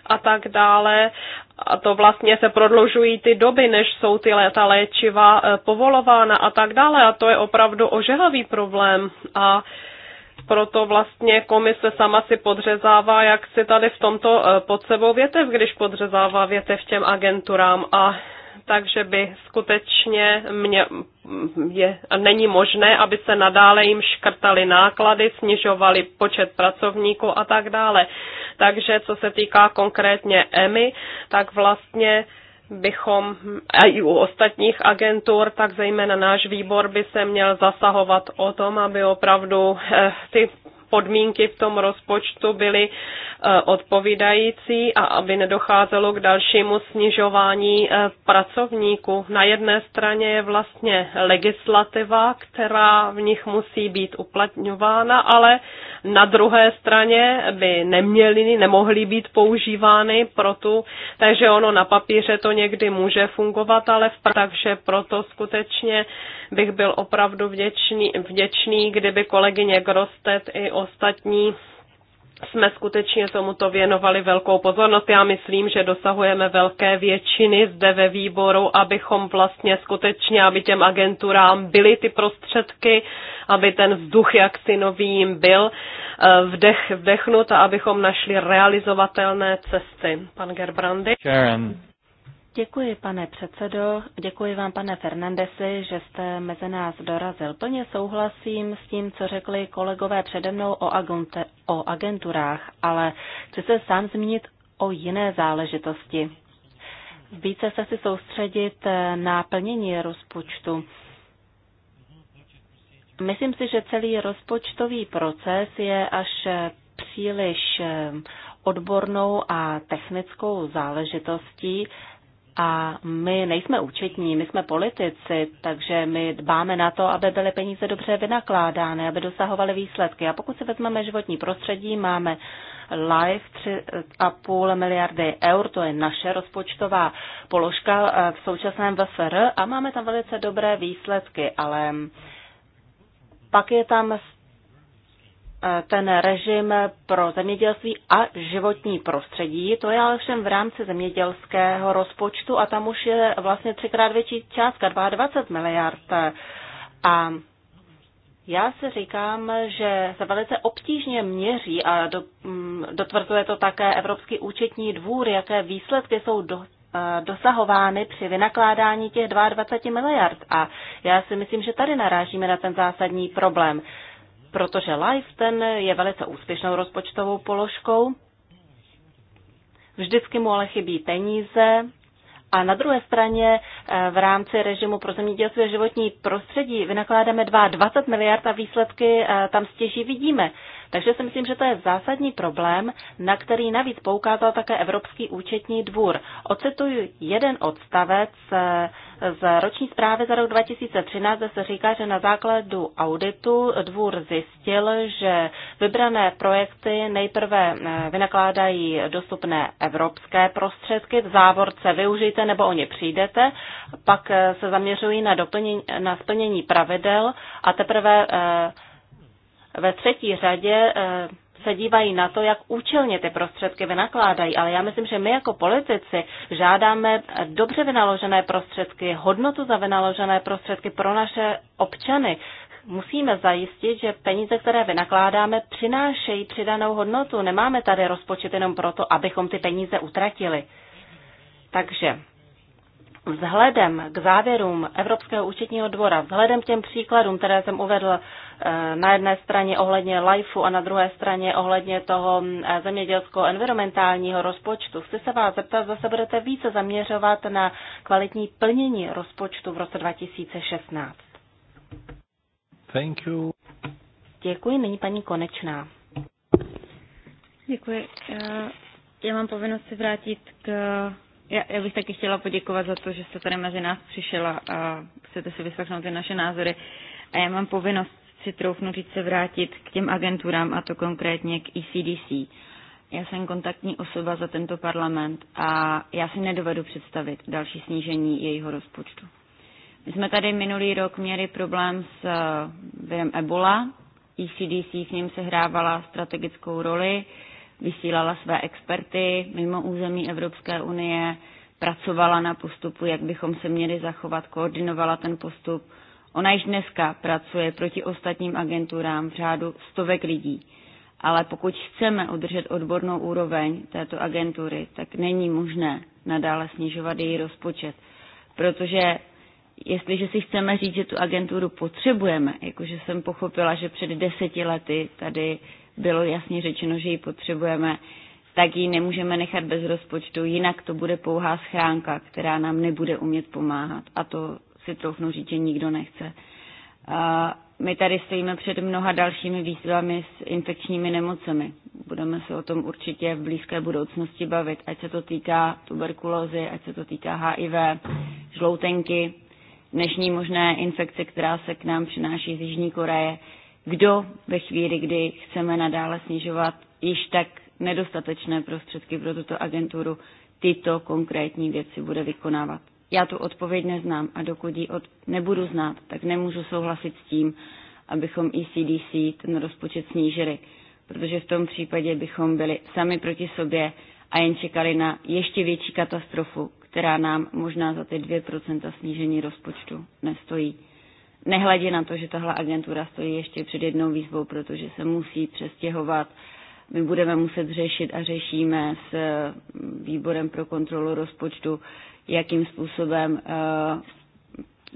a tak dále, a to vlastně se prodlužují ty doby, než jsou ty léta léčiva e, povolována a tak dále. A to je opravdu ožehavý problém. A proto vlastně komise sama si podřezává, jak si tady v tomto e, pod sebou větev, když podřezává větev těm agenturám. A takže by skutečně mě, je, není možné, aby se nadále jim škrtaly náklady, snižovaly počet pracovníků a tak dále. Takže co se týká konkrétně EMI, tak vlastně bychom, a i u ostatních agentur, tak zejména náš výbor by se měl zasahovat o tom, aby opravdu eh, ty podmínky v tom rozpočtu byly eh, odpovídající a aby nedocházelo k dalšímu snižování eh, pracovníků. Na jedné straně je vlastně legislativa, která v nich musí být uplatňována, ale na druhé straně by neměly, nemohly být používány pro tu, takže ono na papíře to někdy může fungovat, ale v takže proto skutečně bych byl opravdu vděčný, vděčný kdyby kolegyně Grostet i o ostatní jsme skutečně tomuto věnovali velkou pozornost. Já myslím, že dosahujeme velké většiny zde ve výboru, abychom vlastně skutečně, aby těm agenturám byly ty prostředky, aby ten vzduch jaksi nový jim byl eh, vdech, vdechnut a abychom našli realizovatelné cesty. Pan Gerbrandy. Sharon. Děkuji, pane předsedo. Děkuji vám, pane Fernandesi, že jste mezi nás dorazil. Plně souhlasím s tím, co řekli kolegové přede mnou o, agente, o agenturách, ale chci se sám zmínit o jiné záležitosti. Více se si soustředit na plnění rozpočtu. Myslím si, že celý rozpočtový proces je až příliš odbornou a technickou záležitostí, a my nejsme účetní, my jsme politici, takže my dbáme na to, aby byly peníze dobře vynakládány, aby dosahovaly výsledky. A pokud si vezmeme životní prostředí, máme live 3,5 miliardy eur, to je naše rozpočtová položka eh, v současném VFR a máme tam velice dobré výsledky, ale pak je tam ten režim pro zemědělství a životní prostředí. To je ale všem v rámci zemědělského rozpočtu a tam už je vlastně třikrát větší částka, 22 miliard. A já se říkám, že se velice obtížně měří a do, mm, dotvrzuje to také Evropský účetní dvůr, jaké výsledky jsou do, eh, dosahovány při vynakládání těch 22 miliard. A já si myslím, že tady narážíme na ten zásadní problém protože Life ten je velice úspěšnou rozpočtovou položkou. Vždycky mu ale chybí peníze, a na druhé straně eh, v rámci režimu pro zemědělství a životní prostředí vynakládáme 22 miliard a výsledky eh, tam stěží vidíme. Takže si myslím, že to je zásadní problém, na který navíc poukázal také Evropský účetní dvůr. Ocituji jeden odstavec eh, z roční zprávy za rok 2013, kde se říká, že na základu auditu dvůr zjistil, že vybrané projekty nejprve eh, vynakládají dostupné evropské prostředky, v závorce využijte nebo o ně přijdete, pak eh, se zaměřují na, doplnění, na splnění pravidel a teprve ve třetí řadě eh, se dívají na to, jak účelně ty prostředky vynakládají, ale já myslím, že my jako politici žádáme dobře vynaložené prostředky, hodnotu za vynaložené prostředky pro naše občany. Musíme zajistit, že peníze, které vynakládáme, přinášejí přidanou hodnotu. Nemáme tady rozpočet jenom proto, abychom ty peníze utratili. Takže Vzhledem k závěrům Evropského účetního dvora, vzhledem k těm příkladům, které jsem uvedl eh, na jedné straně ohledně LIFEu a na druhé straně ohledně toho eh, zemědělského environmentálního rozpočtu, chci se vás zeptat, zase budete více zaměřovat na kvalitní plnění rozpočtu v roce 2016. Thank you. Děkuji, nyní paní Konečná. Děkuji. Eh, já mám povinnost se vrátit k já, já bych taky chtěla poděkovat za to, že jste tady mezi nás přišla a chcete si vyslechnout ty naše názory. A já mám povinnost si troufnu říct se vrátit k těm agenturám a to konkrétně k ECDC. Já jsem kontaktní osoba za tento parlament a já si nedovedu představit další snížení jejího rozpočtu. My jsme tady minulý rok měli problém s eh, virem Ebola. ECDC s ním sehrávala strategickou roli vysílala své experty mimo území Evropské unie, pracovala na postupu, jak bychom se měli zachovat, koordinovala ten postup. Ona již dneska pracuje proti ostatním agenturám v řádu stovek lidí. Ale pokud chceme udržet odbornou úroveň této agentury, tak není možné nadále snižovat její rozpočet. Protože jestliže si chceme říct, že tu agenturu potřebujeme, jakože jsem pochopila, že před deseti lety tady bylo jasně řečeno, že ji potřebujeme, tak ji nemůžeme nechat bez rozpočtu, jinak to bude pouhá schránka, která nám nebude umět pomáhat. A to si troufnu říct, že nikdo nechce. A my tady stojíme před mnoha dalšími výzvami s infekčními nemocemi. Budeme se o tom určitě v blízké budoucnosti bavit, ať se to týká tuberkulózy, ať se to týká HIV, žloutenky, dnešní možné infekce, která se k nám přináší z Jižní Koreje kdo ve chvíli, kdy chceme nadále snižovat již tak nedostatečné prostředky pro tuto agenturu, tyto konkrétní věci bude vykonávat. Já tu odpověď neznám a dokud ji od, nebudu znát, tak nemůžu souhlasit s tím, abychom ECDC ten rozpočet snížili, protože v tom případě bychom byli sami proti sobě a jen čekali na ještě větší katastrofu, která nám možná za ty 2% snížení rozpočtu nestojí. Nehledě na to, že tahle agentura stojí ještě před jednou výzvou, protože se musí přestěhovat. My budeme muset řešit a řešíme s eh, výborem pro kontrolu rozpočtu, jakým způsobem eh,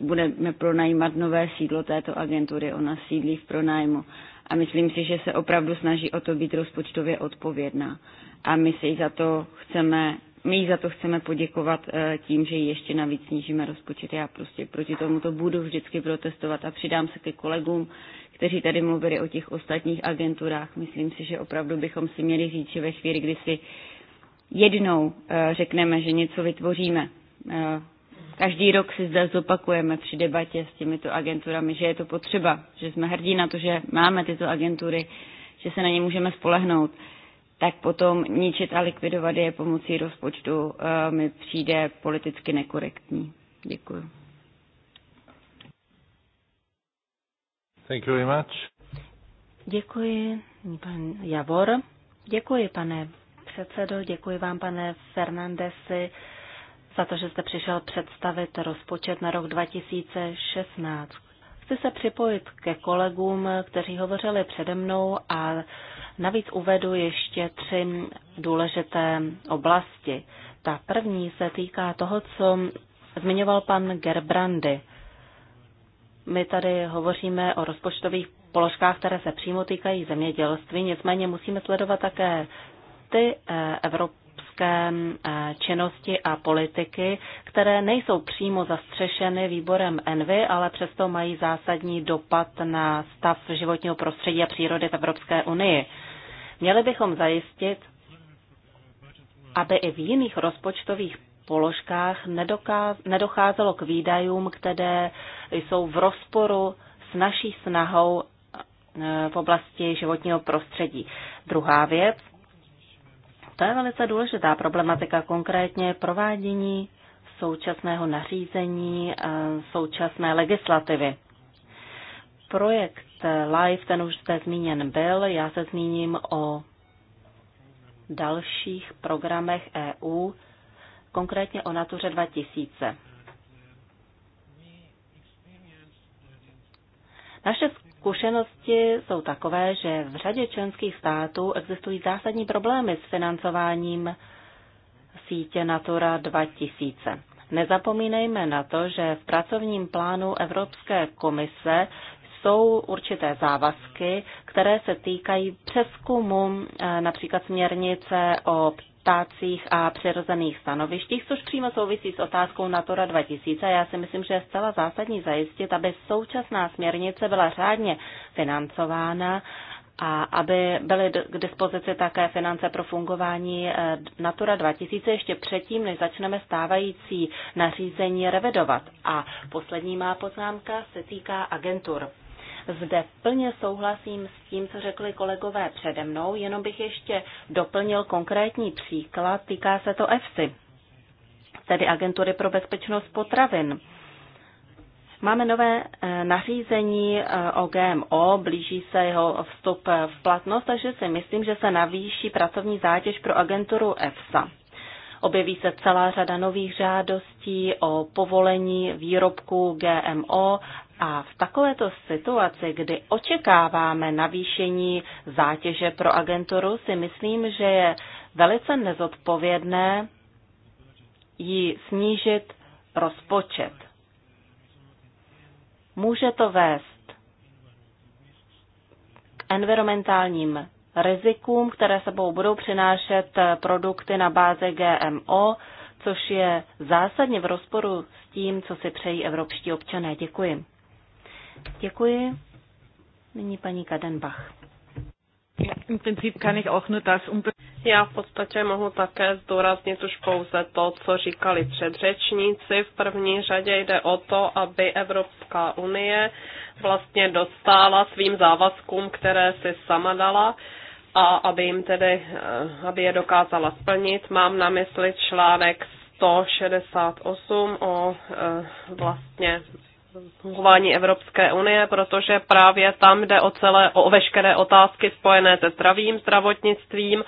budeme pronajímat nové sídlo této agentury. Ona sídlí v pronájmu. A myslím si, že se opravdu snaží o to být rozpočtově odpovědná. A my si za to chceme my jí za to chceme poděkovat eh, tím, že ji ještě navíc snížíme rozpočet. Já prostě proti to budu vždycky protestovat a přidám se ke kolegům, kteří tady mluvili o těch ostatních agenturách. Myslím si, že opravdu bychom si měli říct, že ve chvíli, kdy si jednou eh, řekneme, že něco vytvoříme, eh, každý rok si zde zopakujeme při debatě s těmito agenturami, že je to potřeba, že jsme hrdí na to, že máme tyto agentury, že se na ně můžeme spolehnout tak potom ničit a likvidovat je pomocí rozpočtu eh, mi přijde politicky nekorektní. Děkuji. Thank you very much. Děkuji, pan Javor. Děkuji, pane předsedo, děkuji vám, pane Fernandesi, za to, že jste přišel představit rozpočet na rok 2016. Chci se připojit ke kolegům, kteří hovořili přede mnou a Navíc uvedu ještě tři důležité oblasti. Ta první se týká toho, co zmiňoval pan Gerbrandy. My tady hovoříme o rozpočtových položkách, které se přímo týkají zemědělství, nicméně musíme sledovat také ty eh, Evropy, ekonomické e, činnosti a politiky, které nejsou přímo zastřešeny výborem Envy, ale přesto mají zásadní dopad na stav životního prostředí a přírody v Evropské unii. Měli bychom zajistit, aby i v jiných rozpočtových položkách nedocházelo k výdajům, které jsou v rozporu s naší snahou e, v oblasti životního prostředí. Druhá věc, to je velice důležitá problematika, konkrétně provádění současného nařízení, eh, současné legislativy. Projekt LIFE, ten už zde zmíněn byl, já se zmíním o dalších programech EU, konkrétně o Natuře 2000. Naše Zkušenosti jsou takové, že v řadě členských států existují zásadní problémy s financováním sítě Natura 2000. Nezapomínejme na to, že v pracovním plánu Evropské komise jsou určité závazky, které se týkají přeskumu eh, například směrnice o ptácích a přirozených stanovištích, což přímo souvisí s otázkou Natura 2000. Já si myslím, že je zcela zásadní zajistit, aby současná směrnice byla řádně financována a aby byly k dispozici také finance pro fungování eh, Natura 2000 ještě předtím, než začneme stávající nařízení revidovat. A poslední má poznámka se týká agentur. Zde plně souhlasím s tím, co řekli kolegové přede mnou, jenom bych ještě doplnil konkrétní příklad, týká se to EFSI, tedy Agentury pro bezpečnost potravin. Máme nové eh, nařízení eh, o GMO, blíží se jeho vstup v platnost, takže si myslím, že se navýší pracovní zátěž pro agenturu EFSA. Objeví se celá řada nových žádostí o povolení výrobku GMO a v takovéto situaci, kdy očekáváme navýšení zátěže pro agenturu, si myslím, že je velice nezodpovědné ji snížit rozpočet. Může to vést k environmentálním rizikům, které sebou budou přinášet produkty na báze GMO, což je zásadně v rozporu s tím, co si přejí evropští občané. Děkuji. Děkuji. Nyní paní Kadenbach. Um- Já v podstatě mohu také zdůraznit už pouze to, co říkali předřečníci. V první řadě jde o to, aby Evropská unie vlastně dostala svým závazkům, které si sama dala a aby jim tedy, eh, aby je dokázala splnit. Mám na mysli článek 168 o eh, vlastně fungování Evropské unie, protože právě tam jde o celé, o veškeré otázky spojené se zdravím, zdravotnictvím,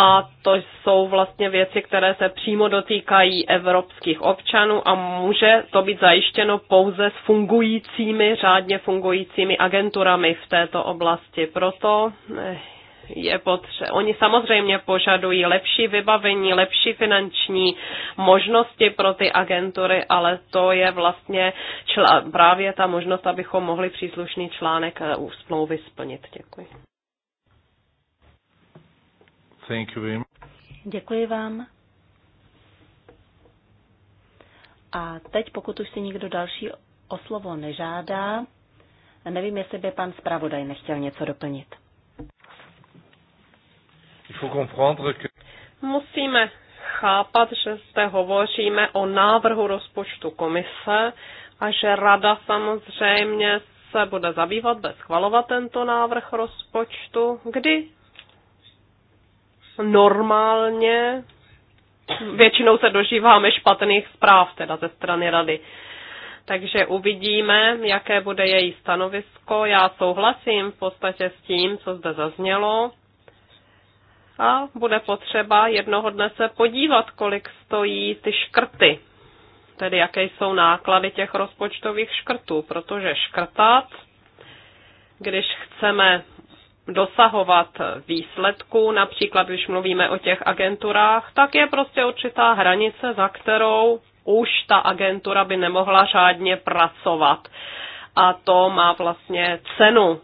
a to jsou vlastně věci, které se přímo dotýkají evropských občanů a může to být zajištěno pouze s fungujícími, řádně fungujícími agenturami v této oblasti. Proto eh, je potře- oni samozřejmě požadují lepší vybavení, lepší finanční možnosti pro ty agentury, ale to je vlastně čl- právě ta možnost, abychom mohli příslušný článek eh, u smlouvy splnit. Děkuji. Thank you very much. Děkuji vám. A teď, pokud už si někdo další o slovo nežádá, nevím, jestli by pan zpravodaj nechtěl něco doplnit. Musíme chápat, že zde hovoříme o návrhu rozpočtu komise a že rada samozřejmě se bude zabývat, bude schvalovat tento návrh rozpočtu, kdy normálně většinou se dožíváme špatných zpráv teda ze strany rady. Takže uvidíme, jaké bude její stanovisko. Já souhlasím v podstatě s tím, co zde zaznělo. A bude potřeba jednoho dne se podívat, kolik stojí ty škrty, tedy jaké jsou náklady těch rozpočtových škrtů, protože škrtat, když chceme dosahovat výsledků, například když mluvíme o těch agenturách, tak je prostě určitá hranice, za kterou už ta agentura by nemohla řádně pracovat a to má vlastně cenu.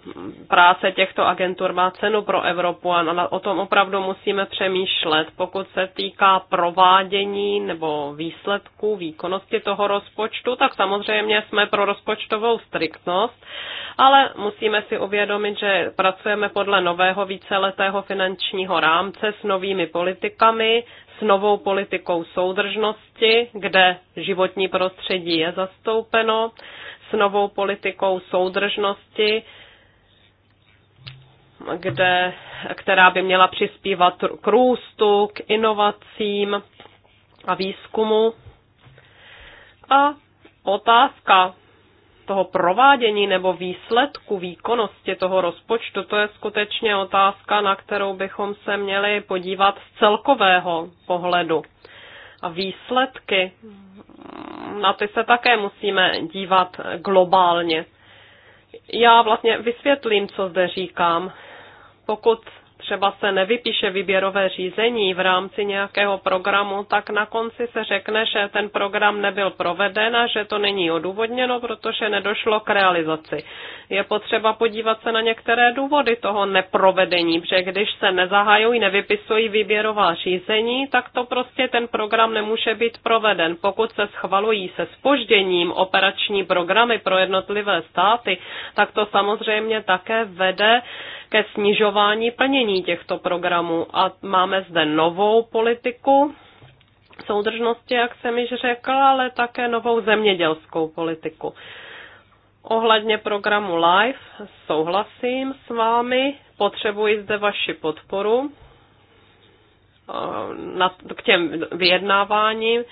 Práce těchto agentur má cenu pro Evropu a o tom opravdu musíme přemýšlet. Pokud se týká provádění nebo výsledků, výkonnosti toho rozpočtu, tak samozřejmě jsme pro rozpočtovou striktnost, ale musíme si uvědomit, že pracujeme podle nového víceletého finančního rámce s novými politikami, s novou politikou soudržnosti, kde životní prostředí je zastoupeno, novou politikou soudržnosti, kde, která by měla přispívat k růstu, k inovacím a výzkumu. A otázka toho provádění nebo výsledku výkonnosti toho rozpočtu, to je skutečně otázka, na kterou bychom se měli podívat z celkového pohledu. A výsledky na ty se také musíme dívat globálně. Já vlastně vysvětlím, co zde říkám. Pokud třeba se nevypíše výběrové řízení v rámci nějakého programu, tak na konci se řekne, že ten program nebyl proveden a že to není odůvodněno, protože nedošlo k realizaci. Je potřeba podívat se na některé důvody toho neprovedení, protože když se nezahajují, nevypisují výběrová řízení, tak to prostě ten program nemůže být proveden. Pokud se schvalují se spožděním operační programy pro jednotlivé státy, tak to samozřejmě také vede ke snižování plnění těchto programů. A máme zde novou politiku soudržnosti, jak jsem již řekla, ale také novou zemědělskou politiku. Ohledně programu LIFE souhlasím s vámi, potřebuji zde vaši podporu eh, k těm vyjednáváním.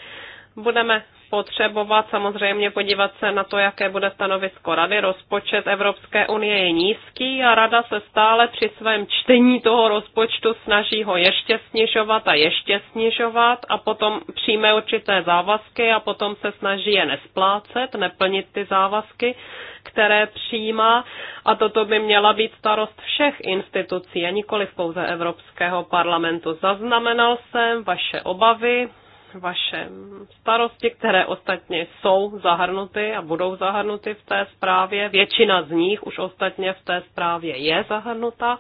Budeme potřebovat samozřejmě podívat se na to, jaké bude stanovisko rady. Rozpočet Evropské unie je nízký a rada se stále při svém čtení toho rozpočtu snaží ho ještě snižovat a ještě snižovat a potom přijme určité závazky a potom se snaží je nesplácet, neplnit ty závazky, které přijímá a toto by měla být starost všech institucí a nikoli pouze Evropského parlamentu. Zaznamenal jsem vaše obavy, Vašem starosti, které ostatně jsou zahrnuty a budou zahrnuty v té zprávě. Většina z nich už ostatně v té zprávě je zahrnuta.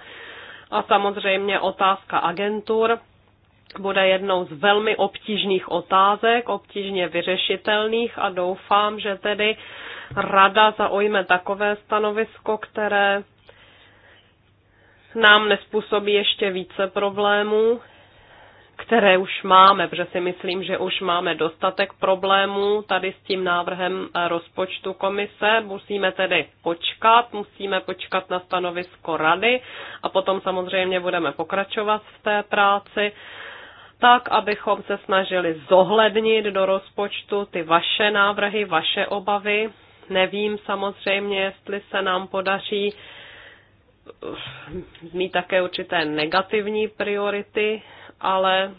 A samozřejmě otázka agentur bude jednou z velmi obtížných otázek, obtížně vyřešitelných a doufám, že tedy rada zaujme takové stanovisko, které nám nespůsobí ještě více problémů, které už máme, protože si myslím, že už máme dostatek problémů tady s tím návrhem rozpočtu komise. Musíme tedy počkat, musíme počkat na stanovisko rady a potom samozřejmě budeme pokračovat v té práci tak, abychom se snažili zohlednit do rozpočtu ty vaše návrhy, vaše obavy. Nevím samozřejmě, jestli se nám podaří eh, mít také určité negativní priority ale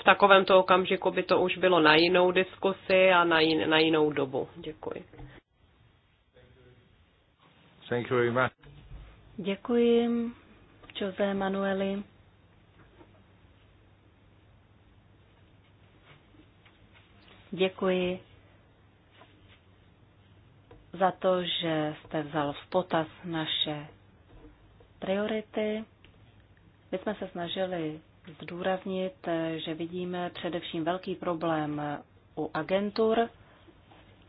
v takovémto okamžiku by to už bylo na jinou diskusi a na, jin, na jinou dobu. Děkuji. Thank you very much. Děkuji, Jose Manueli. Děkuji za to, že jste vzal v potaz naše priority. My jsme se snažili zdůraznit, že vidíme především velký problém u agentur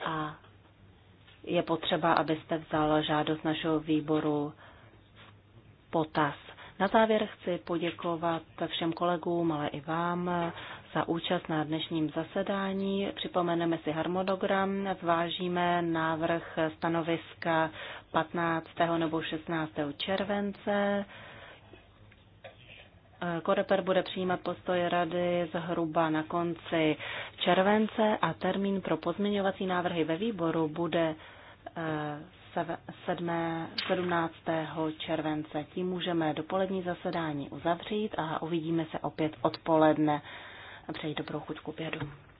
a je potřeba, abyste vzal žádost našeho výboru v potaz. Na závěr chci poděkovat všem kolegům, ale i vám za účast na dnešním zasedání. Připomeneme si harmonogram, zvážíme návrh stanoviska 15. nebo 16. července. Koreper bude přijímat postoje rady zhruba na konci července a termín pro pozměňovací návrhy ve výboru bude 17. Eh, července. Tím můžeme dopolední zasedání uzavřít a uvidíme se opět odpoledne. Přeji dobrou chuť k obědu.